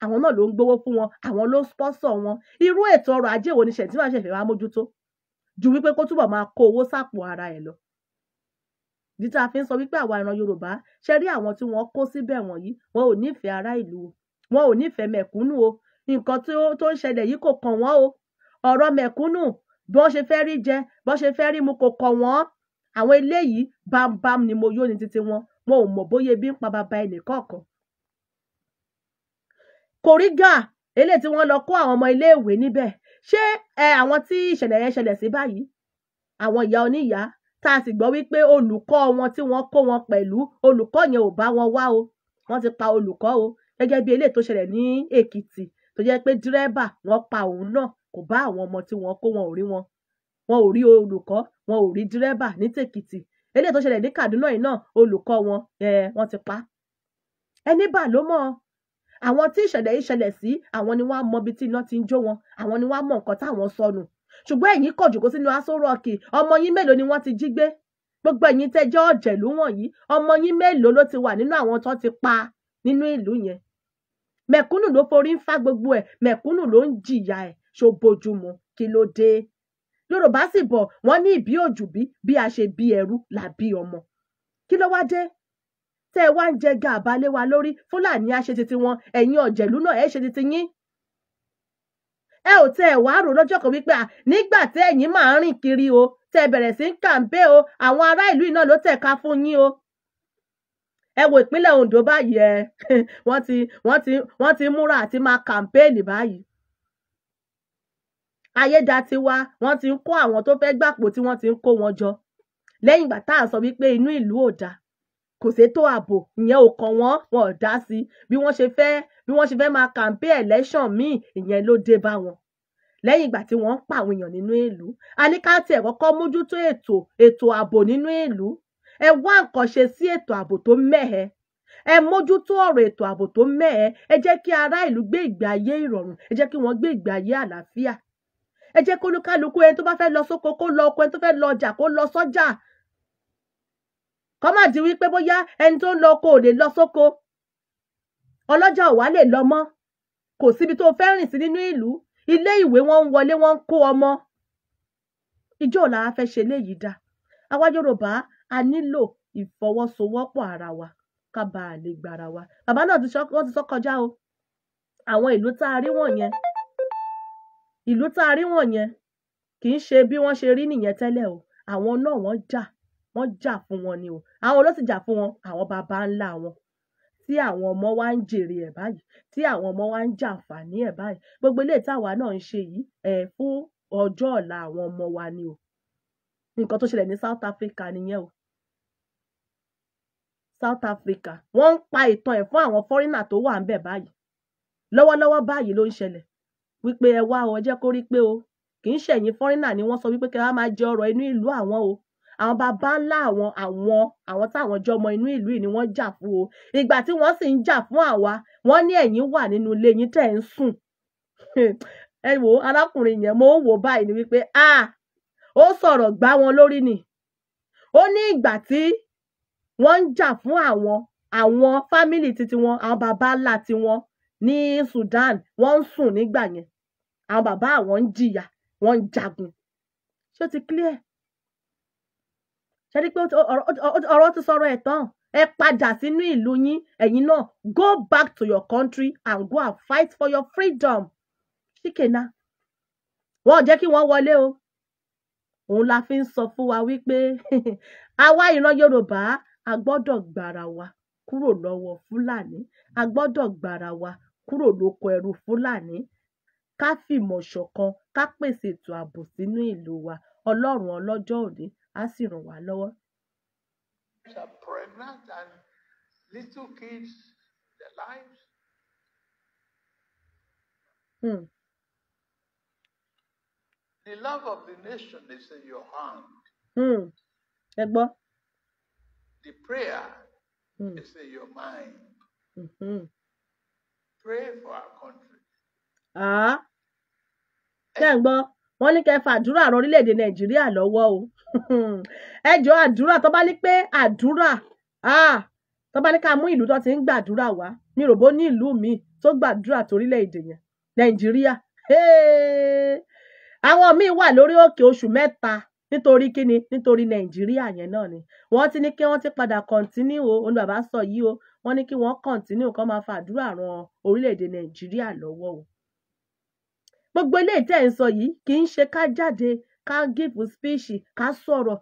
A: àwọn náà ló ń gbowó fún wọn àwọn ló ń spọ́sọ̀ wọn irú ètò ọrọ̀ ajé wo ni ṣèǹtìmà ṣẹ̀fẹ̀ wá mójútó ju wípé kó túbọ̀ máa kó owó sápò ara ẹ̀ lọ ìdí tá a fi ń sọ wípé àwa ìran yorùbá ṣe rí àwọn tí wọ́n kó síbẹ̀ wọ̀nyí wọn ò nífẹ̀ẹ́ ará ìlú o wọn ò nífẹ̀ẹ́ mẹ̀kúnnù o nǹkan tó ń ṣẹlẹ̀ yìí kò kàn wọ́n o ọ̀rọ̀ mẹ̀kúnnù bí wọ́n ṣe fẹ́ rí jẹ bí wọ́n ṣe fẹ́ rí mu kò kàn wọ́n àwọn eléyìí bámbám ni mo yó ni títí wọn wọn ò mọ̀ bóyá ebi ń pa bàbá ẹnì kọ̀ọ̀kan. kòrígà eléyìí tí wọ́n lọ kó àwọn ọmọ iléèwé níbẹ̀ ṣé àwọn tí ìṣẹ̀lẹ̀ yẹn ṣẹlẹ̀ sí báyìí àwọn ìyá oníyàá tá a sì gbọ́ wípé olùkọ́ wọn tí wọ́n kó wọn pẹ̀lú olùkọ́ yẹn ò bá wọn wá o wọ́n ti pa olùkọ́ o gẹ́gẹ́ bí eléyìí tó ṣẹlẹ̀ ní Èkìtì tó jẹ́ pé dírẹ́bà wọ́n pa òun náà kò bá àwọn ọmọ tí wọ́n kó wọn ò rí wọn wọn ò rí olùkọ́ wọn ò rí dírẹ́bà ní tèkìtì eléyìí tó ṣẹlẹ̀ ní Kaduna yìí náà olùkọ́ wọn wọ́n ti pa ẹni bà ló mọ̀ àwọn tí ìṣẹ̀lẹ̀ yìí ṣẹlẹ̀ sí àwọn ni wọ́n á mọ ibi tí iná ti ń jó wọn àwọn ni wọ́n á mọ nǹkan táwọn sọnù ṣùgbọ́n ẹ̀yin kọ̀ jòkó sínú aṣọ rọ́ọ̀kì ọmọ yín mélòó ni wọ́n ti jí gbé gbogbo ẹ̀yin tẹ́ jẹ́ ọ̀jẹ̀lú wọ̀nyí ọmọ yín mélòó ló ti wà nínú àwọn tó ti pa nínú ìlú yẹn mẹ̀kúnnù ló forí ń fá gbogbo ẹ̀ mẹ̀kúnnù ló ń jìyà ẹ̀ ṣó bójúmu kí ló dé yorùbá sì bọ̀ wọ́n ní ìbí òjù bí bí a ṣe bí ẹrú là bí ọmọ kí ló wá dé tẹ́ ẹ wá ń jẹ gàba lé wa lórí fúlàní á ṣe ẹ̀yin ọ̀jẹ̀lú náà ẹ ṣe yín ẹ ò tẹ ẹ wàá rò lọ́jọ́ kan wípé nígbà tí ẹ̀yin máa ń rìn kiri o tẹ bẹ̀rẹ̀ sí ń kàǹpé o àwọn ará ìlú iná ló tẹ̀ka fún yín o ẹ wo ìpínlẹ̀ Ondo báyìí ẹ <laughs> wọ́n ti wọ́n ti wọ́n ti múra àti máa kàǹpéènì báyìí ayédatiwa wọ́n ti ń kó àwọn tó fẹ́ gbàpò tí wọ́n ti ń kó wọn jọ lẹ́yìn ìgbà tá à ń sọ wípé inú ìlú ò dáa kò sétò ààbò ìyẹn ò kàn wọ́n wọn ò dá sí bí wọ́n ṣe fẹ́ bí wọ́n ṣe fẹ́ máa kàǹpé election míì ìyẹn ló dé bá wọn lẹ́yìn ìgbà tí wọ́n ń pa àwọn èèyàn nínú ìlú a ní ká tiẹ̀ kọ́kọ́ mójútó ètò ètò ààbò nínú ìlú ẹ wá nǹkan ṣe sí ètò ààbò tó mẹ́hẹ ẹ mójútó ọ̀rọ̀ ètò ààbò tó mẹ́hẹ ẹ jẹ́ kí ará ìlú gbé ìgbé ayé ìrọ̀rùn ẹ jẹ́ kí wọ́n gbé ìgbé ayé àlàáfíà ẹ jẹ́ kó olúkálukú ẹni tó bá fẹ́ lọ sóko kó lọ oko ẹni tó fẹ́ lọ ọjà kó lọ sọ́jà kó má di wípé bóyá ẹni tó ń lọ oko ò lè lọ sóko ọlọ́jà ò wá lè lọ mọ́ kò síbi tó fẹ́ rìn sí nínú ìlú ilé ìwé wọn ń wọlé wọn ń kó ọmọ ìjọ là á fẹ́ ṣe léyìí dá àwa Yorùbá a nílò ìfọwọ́sowọ́pọ̀ ara wa ká bá a lè gbára wa bàbá náà wọ́n ti sọ kọjá o àwọn ìlú tá a rí wọ̀nyẹn ìlú tá a rí wọ̀nyẹn kì í ṣe bí wọ́n ṣe rí nìyẹn tẹ́lẹ̀ o àwọn náà wọ́n jà wọ́n jà fún wọn ni o àwọn ló sì fún wọn àwọn bàbá ńlá wọn tí àwọn ọmọ wa ń jèrè ẹ̀ báyìí tí àwọn ọmọ wa ń jàǹfààní ẹ̀ báyìí gbogbo eléyìí táwa náà ń ṣe yìí ẹ̀ fún ọjọ́ ọ̀la àwọn ọmọ wa ni o nǹkan tó ṣẹlẹ̀ ní South Africa nìyẹn o South Africa wọ́n ń pa ìtàn ẹ̀ fún àwọn fọ́rínà tó wà ńbẹ̀ báyìí lọ́wọ́lọ́wọ́ báyìí ló ń ṣẹlẹ̀ wípé ẹ wá ọ jẹ́ kó rí pé o kì í ṣẹ̀yìn fọ́rínà ni wọ́n sọ wípé kẹ́ wá máa jẹ ọrọ̀ inú ìlú àwọn o àwọn bàbá ńlá àwọn àwọn àwọn táwọn jọmọ inú ìlú yìí ni wọ́n jà fún o ìgbà tí wọ́n sì ń jà fún àwa wọ́n ní ẹ̀yin wà nínú ilé yín tẹ́ ń sùn <laughs> ẹ wo arákùnrin yẹn mo ń wò báyìí ni wípé a ó sọ̀rọ̀ gbá wọn lórí ni ó ní ìgbà tí wọ́n ń jà fún àwọn àwọn fámìlì titi wọn àwọn bàbá ńlá tiwọn ní Sudan wọ́n ń sùn nígbà yẹn àwọn bàbá àwọn ń jìyà wọ́n ń jagun ṣé ó ti clear ṣe rí pé ọ̀rọ̀ ti sọ̀rọ̀ ẹ̀ tán ẹ padà sínú ìlú yín ẹ̀yin náà go back to your country and go and fight for your freedom ṣìkẹ̀nà wọn ò jẹ́ kí wọ́n wọlé o òun la fi ń sọ fún wa wípé <laughs> àwa ìran Yorùbá a gbọ́dọ̀ gbàrà wa kúrò lọ́wọ́ Fúlàní a gbọ́dọ̀ gbàrà wa kúrò lóko ẹrú Fúlàní ká fìmọ̀ ṣọ̀kan ká pèsè ètò ààbò sínú ìlú wa Ọlọ́run ọlọ́jọ́ òní á sì ràn wá lọ́wọ́.
C: pregnant and little kids, their lives. Hmm. The love of the nation is in your hand.
A: Hmm. Ẹ gbọ́.
C: The prayer hmm. is in your mind. Mm-hmm. Pray for our country.
A: Ah. Tẹ́ eh. ń wọ́n ní kẹ́ fàdúrà ran orílẹ̀-èdè nàìjíríà lọ́wọ́ o ẹ jọ̀ọ́ àdúrà tó bá ní pé àdúrà ah, tó bá ní ká mú ìlú tó ti ń gbàdúrà wá ní ròbó ní ìlú mi tó gbàdúrà torílẹ̀-èdè yẹn nàìjíríà àwọn míì wà lórí òkè oṣù mẹ́ta nítorí kíni nítorí nàìjíríà yẹn náà ni wọ́n ti ní kí wọ́n ti padà kọ̀ǹtínú o òun bàbá sọ yìí o wọ́n ní kí wọ́n kọ̀ǹtínú kó máa fàdúrà ran orílẹ̀-èdè nàìjíríà lọ́wọ́ o gbogbo ilé tẹ́ ẹ̀ ń sọ yìí kì í ṣe ká jáde ká give speech ká sọ̀rọ̀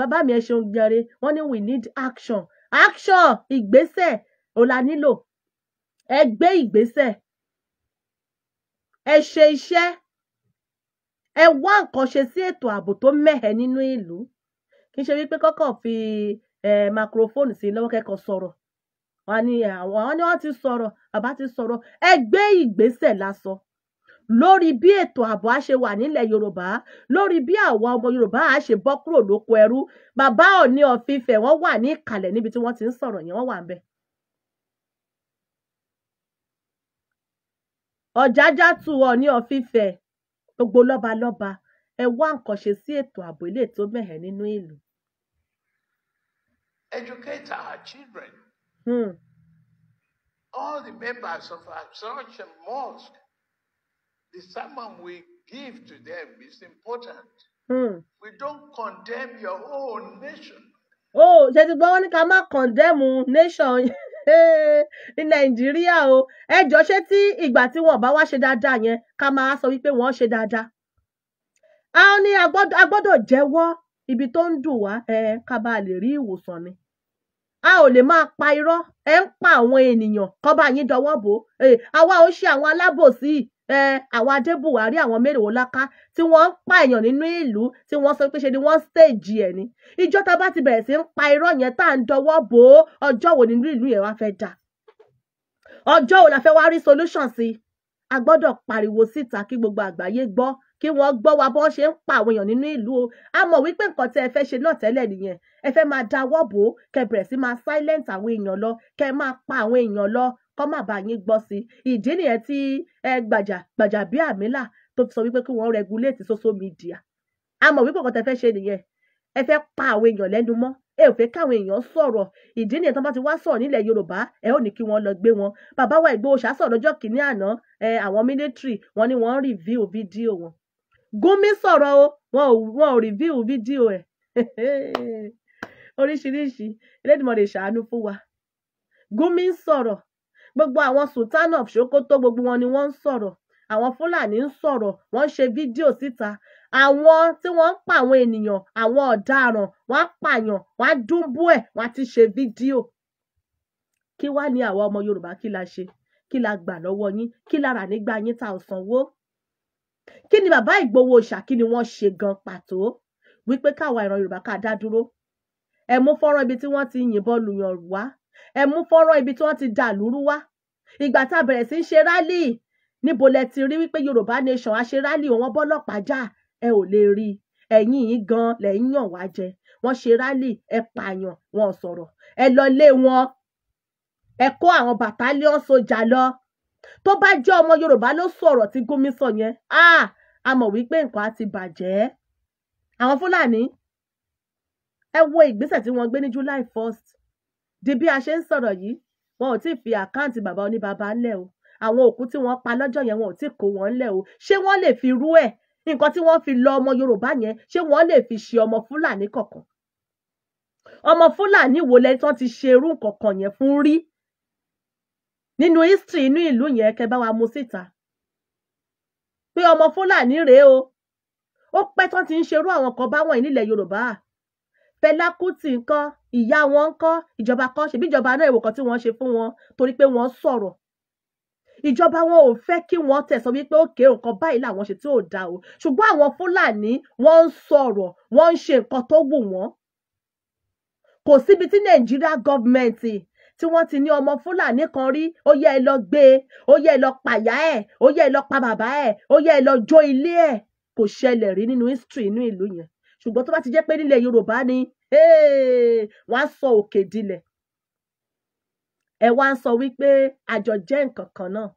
A: bàbá mi ẹ ṣeun jàre wọ́n ní we need action action ìgbésẹ̀ ò la nílò ẹ gbé ìgbésẹ̀ ẹ ṣe iṣẹ́ ẹ wá nǹkan ṣe sí ètò ààbò tó mẹhẹ nínú ìlú kì í ṣe wípé kọ́kọ́ fi microphone sí lọ́wọ́ kẹ́kọ̀ọ́ sọ̀rọ̀ wọ́n ní àwọn ni wọ́n ti sọ̀rọ̀ bàbá ti sọ̀rọ̀ ẹ gbé ìgbésẹ̀ lásán lórí bí ètò ààbò á ṣe wà nílẹ̀ yorùbá lórí bí àwa ọmọ yorùbá á ṣe bọ́ kúrò lóko ẹrú bàbá Ọọ̀ni of Ifẹ̀ wọ́n wà ní ìkàlẹ̀ níbi tí wọ́n ti ń sọ̀rọ̀ yẹn wọ́n wà ń bẹ̀. ọ̀jájá tu Ọọ̀ni of Ifẹ̀ gbogbo lọ́balọ́ba ẹ wá nǹkan ṣe sí ètò ààbò ilé tó mẹ̀hẹ́ nínú ìlú.
C: Educate our children. Hmm. All the members of our church and mosque the sermon we give to them is important. Mm. We don't condemn your own nation.
A: Oh, ṣe ti gbọ́ wọn ní ká má condemn nation <laughs> ní Nàìjíríà o. Ẹ jọ ṣé tí ìgbà tí wọn bá wá ṣe dáadáa yẹn ká máa sọ wípé wọ́n ṣe dáadáa. A ní a gbọ́dọ̀ jẹ́wọ́ ibi tó ń dùn wá ká bá lè rí ìwòsàn ni a ò lè máa pa irọ́ ẹ ń pa àwọn ènìyàn kọ́ bá yín dọwọ́ bò ó àwa ò ṣe àwọn alábòsí àwọn adé Buhari àwọn mélòó láká tí wọ́n ń pa èèyàn nínú ìlú tí wọ́n sọ pé ṣe ni wọ́n stage ẹ̀ ni ìjọ tá bá ti bẹ̀rẹ̀ sí ń pa irọ́ yẹn tá à ń dọwọ́ bò ó ọjọ́ wo nínú ìlú yẹn wá fẹ́ dà ọjọ́ wo la fẹ́ wá rí solution sí a gbọ́dọ̀ pariwo síta kí gbogbo àgbáyé gbọ́ kí wọ́n gbọ́ wa bọ́n ṣe ń pa àwọn èèyàn nínú ìlú o a mọ̀ wípé nǹkan tẹ́ ẹ fẹ́ ṣe náà tẹ́lẹ̀ nìyẹn ẹ fẹ́ máa dáwọ́ bò ó kẹ́ bẹ̀rẹ̀ sí máa silent àwọn èèyàn lọ kẹ́ máa pa àwọn èèyàn lọ kọ́ má bàa yín gbọ́ sí i ìdí nìyẹn tí ẹ gbàjà gbàjà bí àmìlà tó sọ wípé kí wọ́n regulate social media a mọ̀ wípé nǹkan tẹ fẹ́ ṣe nìyẹn ẹ fẹ́ pa àwọn èèyàn lẹ́nu mọ́ ẹ ò fẹ́ káwọn èèyàn sọ̀rọ̀ ìdí nìyẹn tó bá ti wá sọ̀rọ̀ nílẹ̀ Yorùbá ẹ ò ní kí wọ́n lọ gbé wọn bàbá wa Ìgbòho ṣá sọ̀rọ̀ lọ́jọ́ kìíní àná ẹ àwọn military wọn ni wọ́n ń review fídíò wọn Gumi sọ̀rọ̀ o wọn ò wọn ò review fídíò ẹ̀ <laughs> oríṣiríṣi Elédùmarè ṣàánú fún wa Gumi sọ̀rọ̀ gbogbo àwọn sultan of Sokoto gbogbo wọn ni wọ́n ń sọ̀rọ̀ àwọn Fúlàní ń sọ̀rọ̀ wọ́n ń ṣe fídíò síta àwọn tí wọ́n ń pa àwọn ènìyàn àwọn ọ̀daràn wọ́n á pààyàn wọ́n á dúnbú ẹ̀ wọ́n á ti ṣe fídíò kí wá ní àwa ọmọ Yorùbá kí la ṣe kí la gbà lọ́wọ́ yín kí la rà nígbà yín tá ò sanwó kí ni bàbá Ìgbòho Òòṣà kí ni wọ́n ṣe gan pàtó wípé káwa ìran Yorùbá ká dá dúró ẹ mú fọ́nrán ibi tí wọ́n ti yìnbọn lùyàn wá ẹ mú fọ́nrán ibi tí wọ́n ti dà lúrú wá ìgbà tá a bẹ̀rẹ̀ sí í ṣe rálì níbo lẹ ti rí wípé Yorùbá nation a ṣe rálì wọn bọ́lọ́pàá jà ẹ ò lè rí ẹ̀yìn yìí gan lẹ̀ ń yàn wá jẹ wọ́n ṣe rálì ẹ pààyàn wọn sọ̀rọ̀ ẹ lọ lé wọn ẹ kó àwọn bàtálíọ̀n sójà lọ tó bá jẹ́ ọmọ Yorùbá ló sọ̀rọ̀ tí Gumi sọ yẹn ah! a mọ̀ wípé nǹkan á ti bàjẹ́ àwọn Fúlàní ẹ wo ìgbésẹ̀ tí wọ́n gbé ní July 1st di bí a ṣe ń sọ̀rọ̀ yìí wọn ò tí ì fi àkáǹtì bàbá oníbàbá ńlẹ̀ o àwọn òkú tí wọ́n pa lọ́jọ́ yẹn wọn ò tí ì kó wọn ńlẹ̀ o ṣé wọ́n lè fi rú ẹ̀ nǹkan tí wọ́n fi lọ ọmọ Yorùbá yẹn ṣé wọ́n lè fi ṣe ọmọ Fúlàní kọ̀ọ̀kan ọmọ Fúlàní wo lẹ tán ti ṣe irú kọ̀ọ̀kan yẹn fún rí nínú history inú ìlú yẹn kẹ bá wa mú síta pé ọmọ Fúlàní rèé o ó pẹ́ tán ti ń ṣerú àwọn kan báwọn yìí nílẹ̀ Yorùbá Fẹlá Kútì ńkọ́ ìyá wọn ńkọ́ ìjọba kan ṣe bí ìjọba náà èwo kan tí wọ́n ṣe fún wọn torí pé wọ́n sọ̀rọ̀ ìjọba wọn ò fẹ́ kí wọ́n tẹ̀sọ́ wípé òkè nǹkan báyìí làwọn ṣe tí ò da o ṣùgbọ́n àwọn Fúlàní wọ́n ń sọ̀rọ̀ wọ́n ń ṣe nǹkan tó wù wọ́n kò síbi tí Nàìjíríà gọ́ọ̀mẹ̀ntì tí wọ́n ti ní ọmọ Fúlàní kan rí ó yẹ ẹ lọ gbé e ó yẹ ẹ lọ pàyà ẹ ó yẹ ẹ lọ pa bàbá ẹ ó yẹ ẹ lọ jó ilé ẹ kò ṣẹlẹ̀ rí nínú history inú ìlú yẹn ṣùgbọ́n tó bá ti jẹ́ pé nílẹ̀ yorùbá ni wọ́n á sọ òkè dilẹ̀ ẹ wá ń sọ wípé àjọ jẹ́ nǹkan kan náà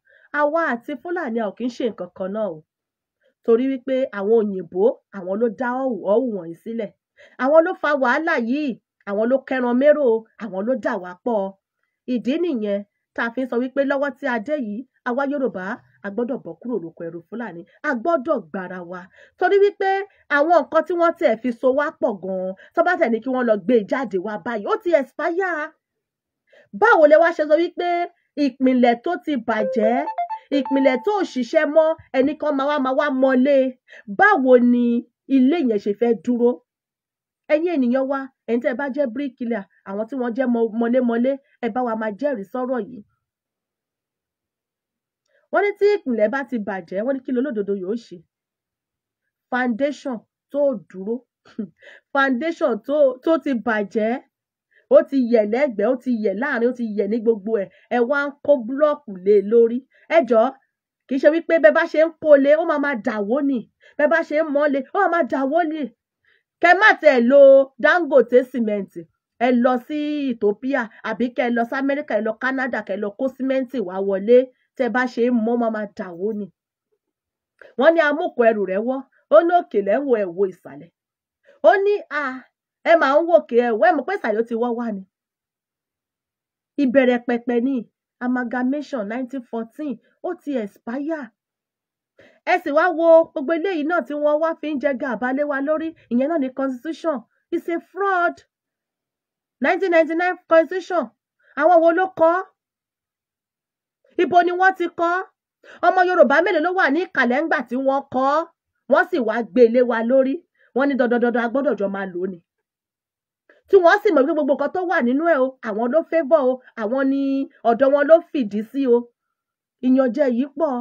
A: àwa àti fúlàní a ò kì í ṣe nǹkan kan náà o torí wípé àwọn òyìnbó àwọn ló dá ọ̀hún wọ̀nyí sílẹ̀ àwọn ló fa wàhálà yìí àwọn ló kẹran mérò àwọn ló dà wá pọ̀ ìdí nìyẹn tá a fi ń sọ wípé lọ́wọ́ tí a dé yìí àwa yorùbá a gbọ́dọ̀ bọ́ kúrò lóko ẹrú fúlàní a gbọ́dọ̀ gbára wa torí wípé àwọn nǹkan tí wọ́n tẹ̀ fi so wá pọ̀ gan-an tó bá tẹ̀ ní kí wọ́n lọ gbé e jáde wá báyìí ó ti expire báwo lẹ wá ṣe sọ wípé ìpìlẹ̀ tó ti bàjẹ́ ìpìlẹ̀ tó ṣiṣẹ́ mọ́ ẹnì kan máa wá máa wá mọ́lé báwo ni ilé yẹn ṣe fẹ́ dúró ẹ̀yin ènìyàn wa ẹ̀yin bá jẹ́ bíríkìlà àwọn tí wọ́n jẹ́ mọ́lémọ́lé ẹ bá wa máa jẹ́rìí sọ́rọ̀ yìí wọ́n ní tí ìpìlẹ̀ bá ti bàjẹ́ wọ́n ní kí lolódodo yóò ṣe foundation tó dúró <laughs> foundation tó tó ti bàjẹ́ ó ti yẹ̀ lẹ́gbẹ̀ẹ́ ó ti yẹ̀ láàrin ó ti yẹ̀ ní gbogbo ẹ̀ ẹ wá ń kó búlọ́ọ̀kù lé e lórí ẹ jọ̀ọ́ kì í ṣe wípé bẹ́ẹ̀ bá ṣe ń kólé ó máa máa dàwó nì bẹ́ẹ̀ bá ṣe ń mọ́lé ó máa máa dàwó nì kẹ má tẹ̀ lo Dangote sìmẹ́ǹtì ẹ lọ sí Ethiopia àbí kẹ lọ sí Amẹ́ríkà ẹ lọ Canada kẹ lọ kó sìmẹ́ǹtì wá wọlé tẹ́ bá ṣe é mọ́ máa máa dàwó ni wọ́n ní amúkọ ẹrù rẹ̀ wọ́ ó ní òkè lẹ́wọ̀ ẹ̀ wo ìsàlẹ̀ ó ní à ẹ máa ń wòkè ẹ̀ wọ́ ẹ̀ mọ̀ pé ìsàlẹ̀ ó ti wọ́ wá ni ìbẹ̀rẹ̀ pẹ̀pẹ̀ ní amalgamation nineteen fourteen ó ti expire ẹ sì wá wo gbogbo eléyìí náà tí wọ́n wá fi ń jẹ gàba lé lórí ìyẹn náà ní constitution is a fraud nineteen ninety nine constitution àwọn wo ló kọ́ ọ́ ibo ni wọ́n ti kọ́ ọmọ Yorùbá mélòó ló wà ní ìkàlẹ̀ ńgbà tí wọ́n kọ́ wọ́n sì wá gbé ilé wa lórí wọ́n ní dandandandan a gbọ́dọ̀ jọ máa lò ní tí wọ́n sì mọ̀ wípé gbogbo nǹkan tó wà nínú ẹ̀ o àwọn ló fẹ́bọ̀ o àwọn ni ọ̀dọ̀ wọn ló fìdí sí o ìyànjẹ yìí pọ̀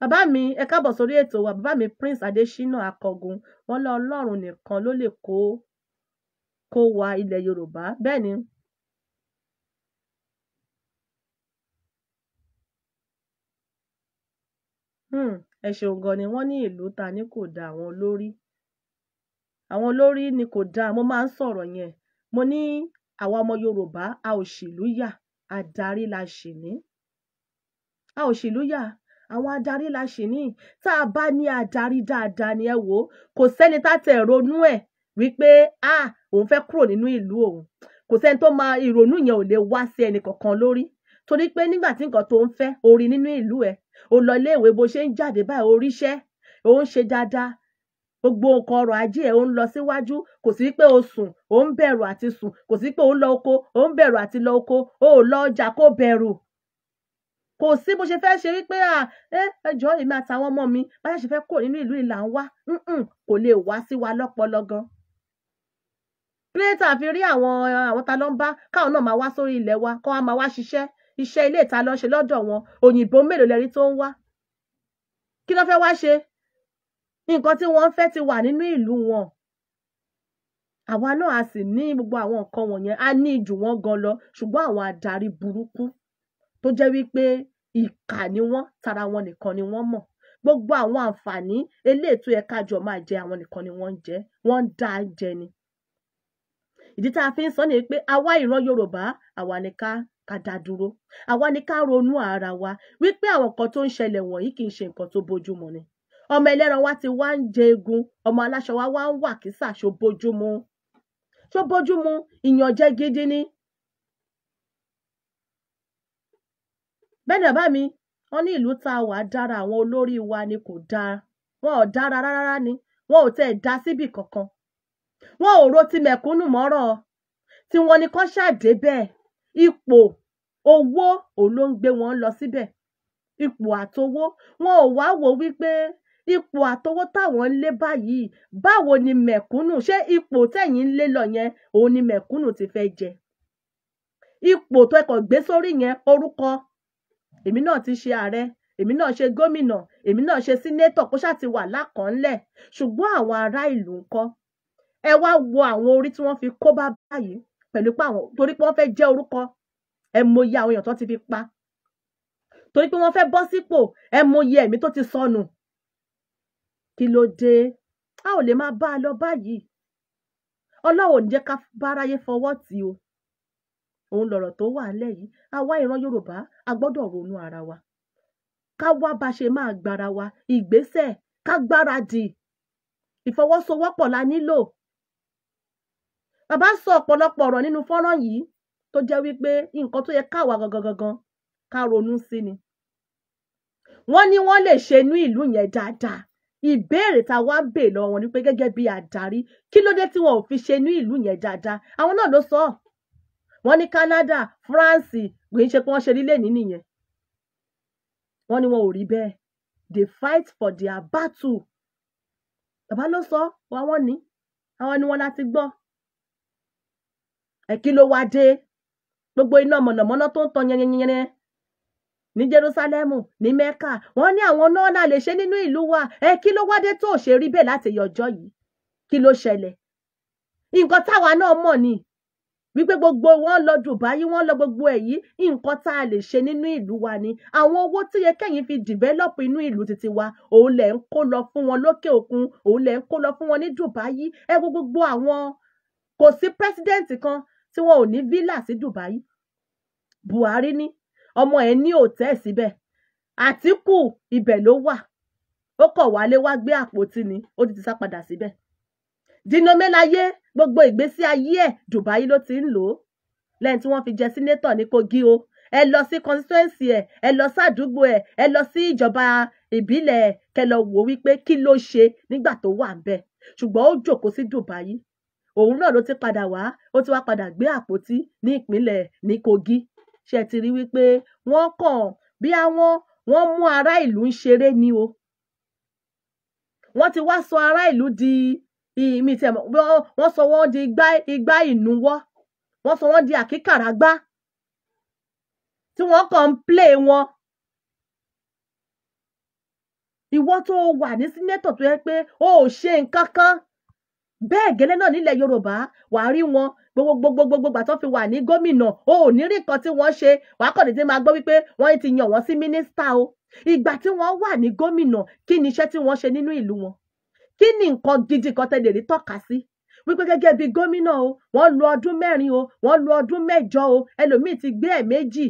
A: bàbá mi ẹ káàbọ̀ sórí ètò wa bàbá mi Prince Adesina Akọgun wọn lọ Ọlọ́run nìkan ló lè kó kó wa ilẹ̀ Yorùbá bẹ́ẹ̀ ni um ẹ ṣeun gan ni wọn ní ìlú ta ni kò dáa àwọn olórí àwọn olórí ni kò dáa mo máa ń sọ̀rọ̀ yẹn mo ní àwa ọmọ yorùbá a ò ṣìlú yà adarí la ṣì ní a ò ṣìlú yà àwọn adarí la ṣì ní tá a bá ní adarí dáadáa ni ẹ wò ó kò sẹ́ni tá tẹ ronú ẹ wípé a òun fẹ́ kúrò nínú ìlú òun kò sẹ́ni tó máa ìrònú yẹn ò lè wá sí ẹnì kankan lórí torí pé nígbà tí nǹkan tó ń fẹ́ orí nínú ìlú ẹ̀ o lọ iléèwé bó ṣe ń jáde báyìí oríṣẹ́ o ń ṣe dáadáa gbogbo nǹkan ọrọ̀ ajé ẹ̀ o ń lọ síwájú kò sí pé o sùn o ń bẹ̀rù àti sùn kò sí pé o ń lọ oko o ń bẹ̀rù àti lọ oko o ò lọ ọjà kó bẹ̀rù kò sí bó ṣe fẹ́ ṣe wípé à ẹ ẹjọ́ èmi àtàwọn ọmọ mi bá ṣe fẹ́ kó nínú ìlú ìlà ń wá kò lè wá sí wa lọ́pọlọ gan. pírẹ́tà fi rí àwọn àwọn ta ló ń bá káwọn náà máa wá sórí ilẹ̀ wa kọ́ wa máa wá ṣiṣẹ́ iṣẹ́ ilé ìta ló ń ṣe lọ́dọ̀ wọn òyìnbó mélòó lẹ́rí tó ń wá kí ló fẹ́ wá ṣe nǹkan tí wọ́n ń fẹ́ ti wà nínú ìlú wọn àwa náà a sì ní gbogbo àwọn nǹkan wọ̀nyẹn a ní jù wọ́n gan lọ ṣùgbọ́n àwọn adarí burúkú tó jẹ́ wípé ìkà ni wọ́n tara wọn nìkan ni wọ́n mọ̀ gbogbo àwọn àǹfààní eléètò ẹ̀ka jọ máa jẹ àwọn nìkan ni wọ́n ń jẹ wọ́n ń dá jẹ ni ìdí tá a fi ń sọ ni pé àwa ìran Yorùbá àwa ni ká ká dá dúró àwa ni ká ronú ara wa wípé àwọn nǹkan tó ń ṣẹlẹ̀ wọ̀nyí kì í ṣe nǹkan tó bójúmu ni ọmọ ẹlẹ́ran wa ti wá ń jẹ egun ọmọ aláṣọ wa wá ń wà kísà ṣó bójúmu ṣó bójúmu ìyànjẹ gidi ni. bẹ́ẹ̀ bàbá mi wọ́n ní ìlú tá a wà dára àwọn olórí wa ni kò dáa wọn ò dára rárá ni wọn ò tẹ̀ dá síbì kankan wọn ò ro ti mẹ̀kúnnù mọ́rọ̀ tí wọ́n ní ṣàdé bẹ́ẹ̀ ipò owó òun ló ń gbé wọn lọ síbẹ̀ ipò àtowó wọn ò wá wò wípé ipò àtowó táwọn ń lé báyìí báwo ni mẹ̀kúnnù ṣé ipò tẹ̀yìn ń lé lọ yẹn òun ni mẹ̀kúnnù ti fẹ́ jẹ ipò tó ẹkọ̀ gbé sórí yẹn orúkọ èmi náà ti ṣe ààrẹ èmi náà ṣe gómìnà èmi náà ṣe sínétọ̀ kó ṣáà ti wà lákànlẹ̀ ṣùgbọ́n àwọn ará ìlú ńkọ́ ẹ wá wo àwọn orí tí wọ́n fi kó bá báyìí pẹ̀lú pé àwọn torí pé wọ́n fẹ́ jẹ́ orúkọ ẹ mọyì àwọn èèyàn tó ti fi pa torí pé wọ́n fẹ́ bọ́ sípò ẹ mọyì ẹ̀mí tó ti sọnù kí ló dé a ò lè máa bá a lọ báyìí ọlọ́wọ́ ní jẹ́ ká báráyé fọwọ́ tì o òun lọ̀rọ̀ tó wà nílẹ̀ yìí àwa ìran Yorùbá a gbọ́dọ̀ ronú ara wa ká wá bá ṣe máa gbára wa ìgbésẹ̀ ká gbáradì ìfọwọ́sowọ́pọ̀ la nílò bàbá sọ ọ̀pọ̀lọpọ̀ ọ̀rọ̀ nínú fọ́nrán yìí tó jẹ́ wípé nǹkan tó yẹ káwa gangan gangan ká ronú sí ni. wọ́n ní wọ́n lè ṣe inú ìlú yẹn dáadáa ìbéèrè tá a wá bè lọ́wọ́ wọn ni pé gẹ́gẹ́ bí àdarí kí ló dé tí wọn ò fi ṣe inú ìlú yẹn dáadáa àwọn náà ló sọ wọ́n ní Canada France kì í ṣe pé wọ́n ṣe lílé ní nìyẹn wọ́n ní wọn ò rí bẹ́ẹ̀ they fight for their battle bàbá ló sọ wa wọ́n ní àwọn ni wọn láti gbọ́ ẹ kí ló wá dé gbogbo iná mọ̀nàmọ́ná tó ń tan yẹnyẹnyẹn ní Jerúsálẹ́mù ní Mẹ́kà wọ́n ní àwọn náà náà lè ṣe nínú ìlú wa ẹ kí ló wá dé tó ṣe rí bẹ́ẹ̀ láti yọjọ́ yìí kí ló ṣẹlẹ̀ nǹkan táwa náà mọ̀ ni wípé gbogbo wọn lọ Dubai wọn lọ gbogbo ẹ yìí nǹkan tá a lè ṣe nínú ìlú wa ni àwọn owó tí yẹ kẹ́yìn fi dìvẹ́lọ́pù inú ìlú títí wa òun lẹ̀ ń kó lọ fún wọn lókè òkun òun lẹ̀ ń kó lọ fún wọn ní Dubai ẹ wo gbogbo àwọn kò sí pẹ́sidẹ́ǹtì kan tí wọn ò ní villa sí Dubai Buhari ní ọmọ ẹ̀ ní òtẹ́ẹ̀ síbẹ̀ Àtíkù ibẹ̀ ló wà ó kọ̀ wálé wá gbé àpótí ni ó ti ti sá padà síbẹ̀ Dino Melaye gbogbo ìgbésí ayé ẹ̀ Dubai ló ti ń lò ó lẹ́yìn tí wọ́n fi jẹ sínétọ̀ ní Kogi o ẹ lọ sí constituency ẹ ẹ lọ sádùúgbò ẹ ẹ lọ sí ìjọba ìbílẹ̀ ẹ wò wípé kí ló ṣe nígbà tó wà ń bẹ̀ ṣùgbọ́n ó jókòó sí Dubai òun náà ló ti padà wá ó ti wá padà gbé àpótí ní ìpínlẹ̀ ní Kogi ṣe ti rí wípé wọ́n kàn bí àwọn wọ́n mú ará ìlú ń ṣeré ni o wọ́n ti wá sọ ará ìlú di ìmí tẹ̀ wọ́n sọ wọ́n di igbá igbá ìnuwọ́ wọ́n sọ wọ́n di àkíkàràgbá tí wọ́n kàn ń plé wọn ìwọ tó wà ní sínétọ̀ tó yẹ pé o ò ṣe nǹkan kan bẹ́ẹ̀ gẹ́lẹ́ náà nílẹ̀ yorùbá wà á rí wọn gbogbogbogbogbò gbà tó fi wà ní gómìnà o ò ní rí nǹkan tí wọ́n ṣe wàá kàn dédé máa gbọ́ wípé wọ́n ti yàn wọ́n sí mínísítà o ìgbà tí wọ́n wà ní gómìnà kí ni iṣẹ́ tí wọ́n ṣe nínú ìlú wọn kí ni nǹkan gidi kan tẹ́lẹ̀ rí tọ́ka sí wípé gẹ́gẹ́ bí gómìnà o wọ́n lu ọdún mẹ́rin o wọ́n lu ọdún mẹ́jọ o ẹlòmíì ti gbé ẹ̀ méjì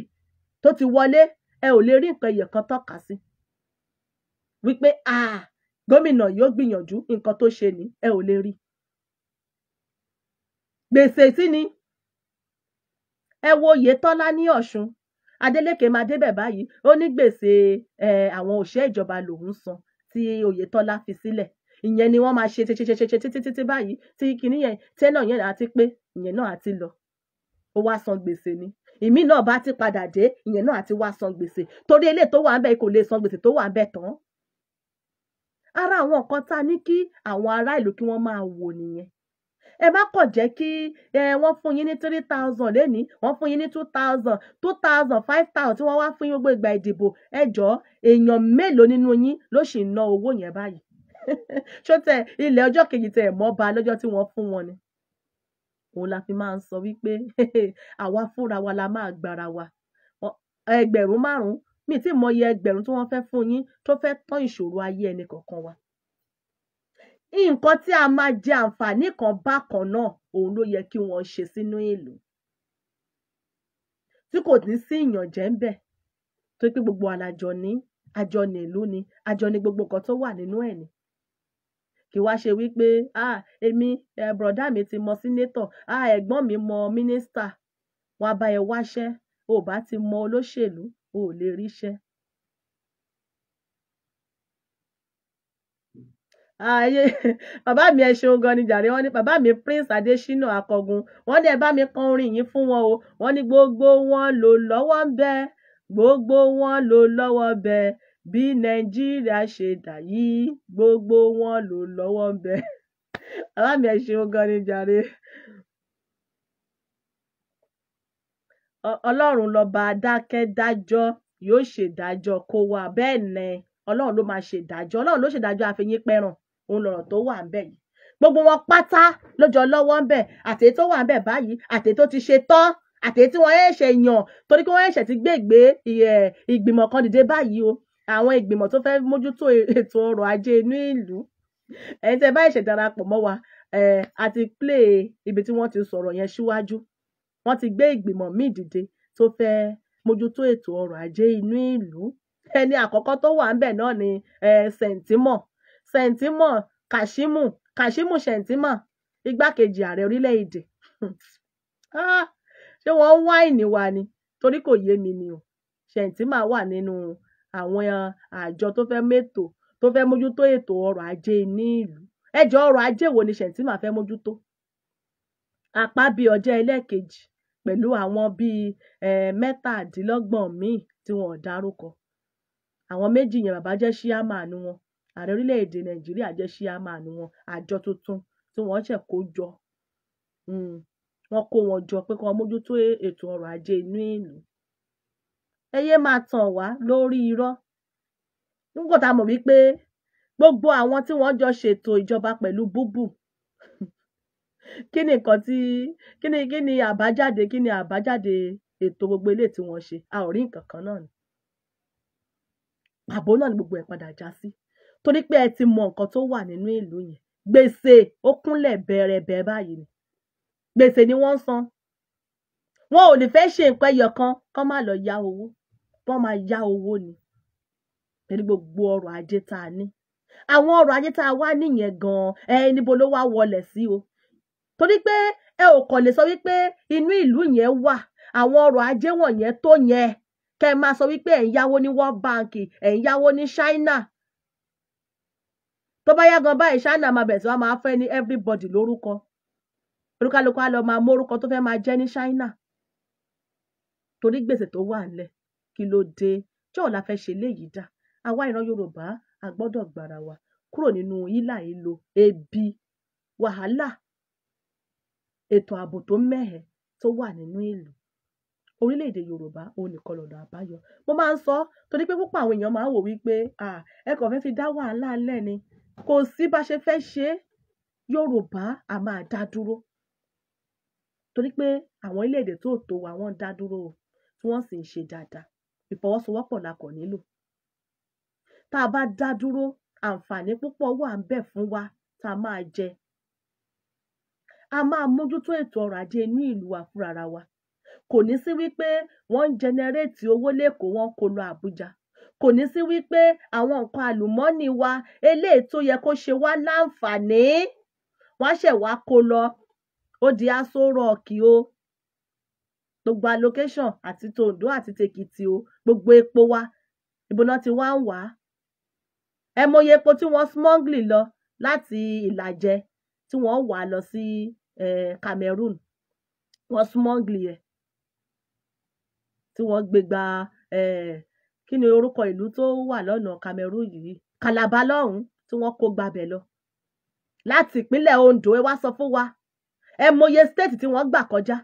A: tó ti wọlé ẹ ò lè rí nǹkan ẹ̀yẹ̀ tọ́ka sí wípé ah gómìnà yóò gbìyànjú nǹkan tó ṣe ni ẹ ò lè rí i gbèsè tí ni ẹ wo yetola ní Ọ̀ṣun Adeleke máa débẹ̀ báyìí ó ní gbèsè àwọn òṣìṣẹ́ ìjọba lòún san tí Oyètọ́lá fi sílẹ̀ ìyẹn ni wọ́n máa ṣe ṣeṣeṣeṣe títí títí báyìí tí kìíní yẹn tẹ́nà yẹn àti pé ìyẹn náà àti lọ ó wá san gbèsè ni ìmí náà bá ti padà dé ìyẹn náà àti wá san gbèsè torí eléyìí tó wà ń kò lè san gbèsè tó wà ń tán ara àwọn nǹkan tá a ní kí àwọn ará ìlú kí wọ́n máa wò nìyẹn ẹ má kọ̀ jẹ́ kí wọ́n fún yín ní three thousand lẹ́ni wọ́n fún yín ní two thousand two thousand five thousand tí wọ́n wá fún yín gbogbo ìgbà ìdìbò ẹ jọ̀ọ́ èèyàn mélòó nínú yín ló sì ná owó yẹn báyìí <laughs> ṣó tẹ ilẹ̀ ọjọ́ kejì tẹ ẹ̀ mọ́ ba lọ́jọ́ tí wọ́n fún wọn ni òun la fi máa ń sọ wípé <laughs> àwa fúnra wa la máa gbára wa ẹgbẹ̀rún márùn-ún mi tí mo yẹ ẹgbẹ̀rún tí wọ́n fẹ́ fún yín tó fẹ́ tán ìṣòro ayé ẹnì kọ̀ọ̀kan wa nǹkan tí a máa jẹ àǹfààní kan bákan náà òun ló yẹ kí wọ́n ṣe sínú ìlú tí kò ní sí ìyànjẹ ń bẹ tó pé gbogbo alájọ ní àjọ ní ìlú ni àjọ ní gbogbo nǹkan tó wà nínú ẹ̀ ni kì wá ṣe wípé ah èmi eh, bùrọ̀dá mi ti mọ sínétọ̀ ah ẹ̀gbọ́n mi mọ mínísítà wàá bá ẹ wáṣẹ́ o ò bá ti mọ olóṣèlú o ò lè ríṣẹ́ ayé <laughs> bàbá mi ẹ ṣeun gan ni jàre wọ́n ní bàbá mi Prince Adésínà Akọgun wọ́n ní ẹ bá mi kan orin yìí fún wọn o wọ́n ní gbogbo wọn ló lọ́wọ́ ń bẹ gbogbo wọn ló lọ́wọ́ ń bẹ bí Nàìjíríà ṣe dà yìí gbogbo wọn ló lọ́wọ́ ń bẹ <laughs> bàbá mi ẹ ṣeun gan ni jàre. ọlọ́run lọ́ba dákẹ́dájọ́ yóò ṣèdájọ́ kó wa bẹ́ẹ̀ ni ọlọ́run ló máa ṣèdájọ́ ọlọ́run ló ṣèdájọ́ àfẹ̀yìn pẹ̀ràn òun lọ̀rọ̀ tó wà ńbẹ̀ yìí gbogbo wọn pátá lọ́jọ́ lọ́wọ́ ńbẹ̀ àtẹ̀yẹ tó wà ńbẹ̀ báyìí àtẹ̀yẹ tó ti ṣe tán àtẹ̀yẹ tí wọ́n ṣẹ̀ṣẹ̀ yàn torí pé wọ́n ṣẹ̀ṣẹ̀ ti gbègbè ìgbìmọ̀ kan dìde báyìí o àwọn ìgbìmọ̀ tó fẹ́ mójútó ètò ọrọ̀ ajé inú ìlú ẹ̀yin tẹ́ bá ṣẹ̀ṣẹ̀ darapọ̀ mọ́ wa àti play ibi tí wọ́n ti sọ̀rọ̀ yẹn síwájú wọ́n ti gbé ìgbìmọ̀ míì dìde tó fẹ́ mójútó ètò ọrọ̀ ajé inú ìlú ẹni àkọ́kọ́ tó wà ńbẹ̀ náà ni sẹ̀ǹtímọ̀ sẹ̀ǹtímọ̀ kàṣímù kàṣímù sẹ̀ǹtímọ̀ igbákejì ààrẹ orílẹ̀-èdè <laughs> ah, ṣé wọ́n ń wáìnì wa ni torí kò yé mi ni o sẹ̀ǹtímà wà nínú àwọn àjọ tó fẹ́ mẹ́tò tó fẹ́ mójútó ètò ọrọ̀ ajé ní ìlú ẹjọ́ ọrọ̀ ajé wo ni sẹ̀ǹtímà fẹ́ mójútó apá bíi ọjọ́ ẹlẹ́ẹ̀kejì pẹ̀lú àwọn bíi mẹ́tàdínlọ́gbọ̀n míì tí wọn ò dárúkọ àwọn méjì yẹn bàbá jẹ́ ṣíámàánú wọn ààrẹ orílẹ̀-èdè nàìjíríà jẹ́ chairman wọn àjọ tuntun tí wọ́n ṣẹ̀ kó jọ hmm, wọ́n kó wọn jọ pé kí wọ́n mójútó ètò ọrọ̀ ajé inú ìlú ẹ yé máa tàn wá lórí irọ́ nígbà tá a mọ̀ wípé gbogbo àwọn tí wọ́n jọ ṣètò ìjọba pẹ̀lú búbù <laughs> kí ni nǹkan tí kí ni kí ni àbájáde kí ni àbájáde ètò gbogbo ilé tí wọ́n ṣe a ò rí nǹkan kan náà ni pàbó náà ni gbogbo ẹ̀ padà já sí torí pé ẹ ti mọ nǹkan tó wà nínú ìlú yẹn gbèsè ó kúnlẹ̀ bẹ̀rẹ̀bẹ̀ báyìí ni gbèsè ni wọ́n ń san wọn ò lè fẹ́ ṣe nǹkan ẹyọ kan kán má lọ ya owó wọ́n máa ya owó ni pẹ̀lú gbogbo ọrọ̀ ajé tá a ní àwọn ọrọ̀ ajé tá a wá nìyẹn gan-an ẹ níbo ló wá wọlé sí o torí pé ẹ ò kàn lè sọ wípé inú ìlú yẹn wà àwọn ọrọ̀ ajé wọ̀nyẹn tó yẹn kẹ́ máa sọ wípé ẹ̀ ń yáwó ní World Bank ẹ̀ ń yáwó ní China tó bá yá gan báyìí ṣáná máa bẹ̀rẹ̀ sí wá máa fẹ́ ní everybody lórúkọ olúkálukú á lọ máa mórúkọ tó fẹ́ máa jẹ́ ní ṣáínà torí gbèsè tó wà ńlẹ̀ kí ló dé tí ọ̀la fẹ́ ṣe léyìí dá àwa ìran yorùbá a gbọ́dọ̀ gbàrà wa kúrò nínú ilà ìlò ebi wàhálà ètò ààbò tó mẹ́hẹ̀ tó wà nínú ìlú orílẹ̀-èdè yorùbá òun nìkan lọ́dọ̀ àbáyọ mo máa ń sọ torí pé púpọ̀ àwọn èèyàn máa ń wò wípé ẹ kàn fẹ́ fi dá wàhálà lẹ̀ ni kò sí bá ṣe fẹ́ ṣe Yorùbá a máa dá dúró torí pé àwọn orílẹ̀-èdè tó tó wa wọ́n dá dúró o tí wọ́n sì ń ṣe dáadáa ìfọwọ́sowọ́pọ̀ la kò nílò tá a bá dá dúró àǹfààní púpọ̀ wà ń bẹ fún wa tá a máa jẹ a máa mójútó ètò ọrọ̀ ajé ní ìlú wa fúnra wa kò ní sí wípé wọ́n ń jẹnẹrétì owó lẹ́kọ̀ọ́ wọn kó lọ Àbújá kò ní sí wípé àwọn nǹkan àlùmọ́ọ́nì wa eléyìí tó yẹ kó ṣe wá láǹfààní wọ́n ṣẹ̀ wá kó lọ ó di aṣọ rọọkì o gbogbo allocation àti tòǹdó àti tèkìtì o gbogbo epo wa ibo náà ti wá ń wá ẹ mọye epo tí wọ́n smuggling lọ láti ìlàjẹ tí wọ́n wà lọ sí Cameroon wọ́n smuggling ẹ̀ tí wọ́n gbé gba kí ni orúkọ ìlú tó wà lọ́nà Cameroon yìí Calabar lọ́hùn tí wọ́n kó gbabẹ̀ lọ láti ìpínlẹ̀ Ondo ẹ wá sọ fún wa ẹ mọye state tí wọ́n gbà kọjá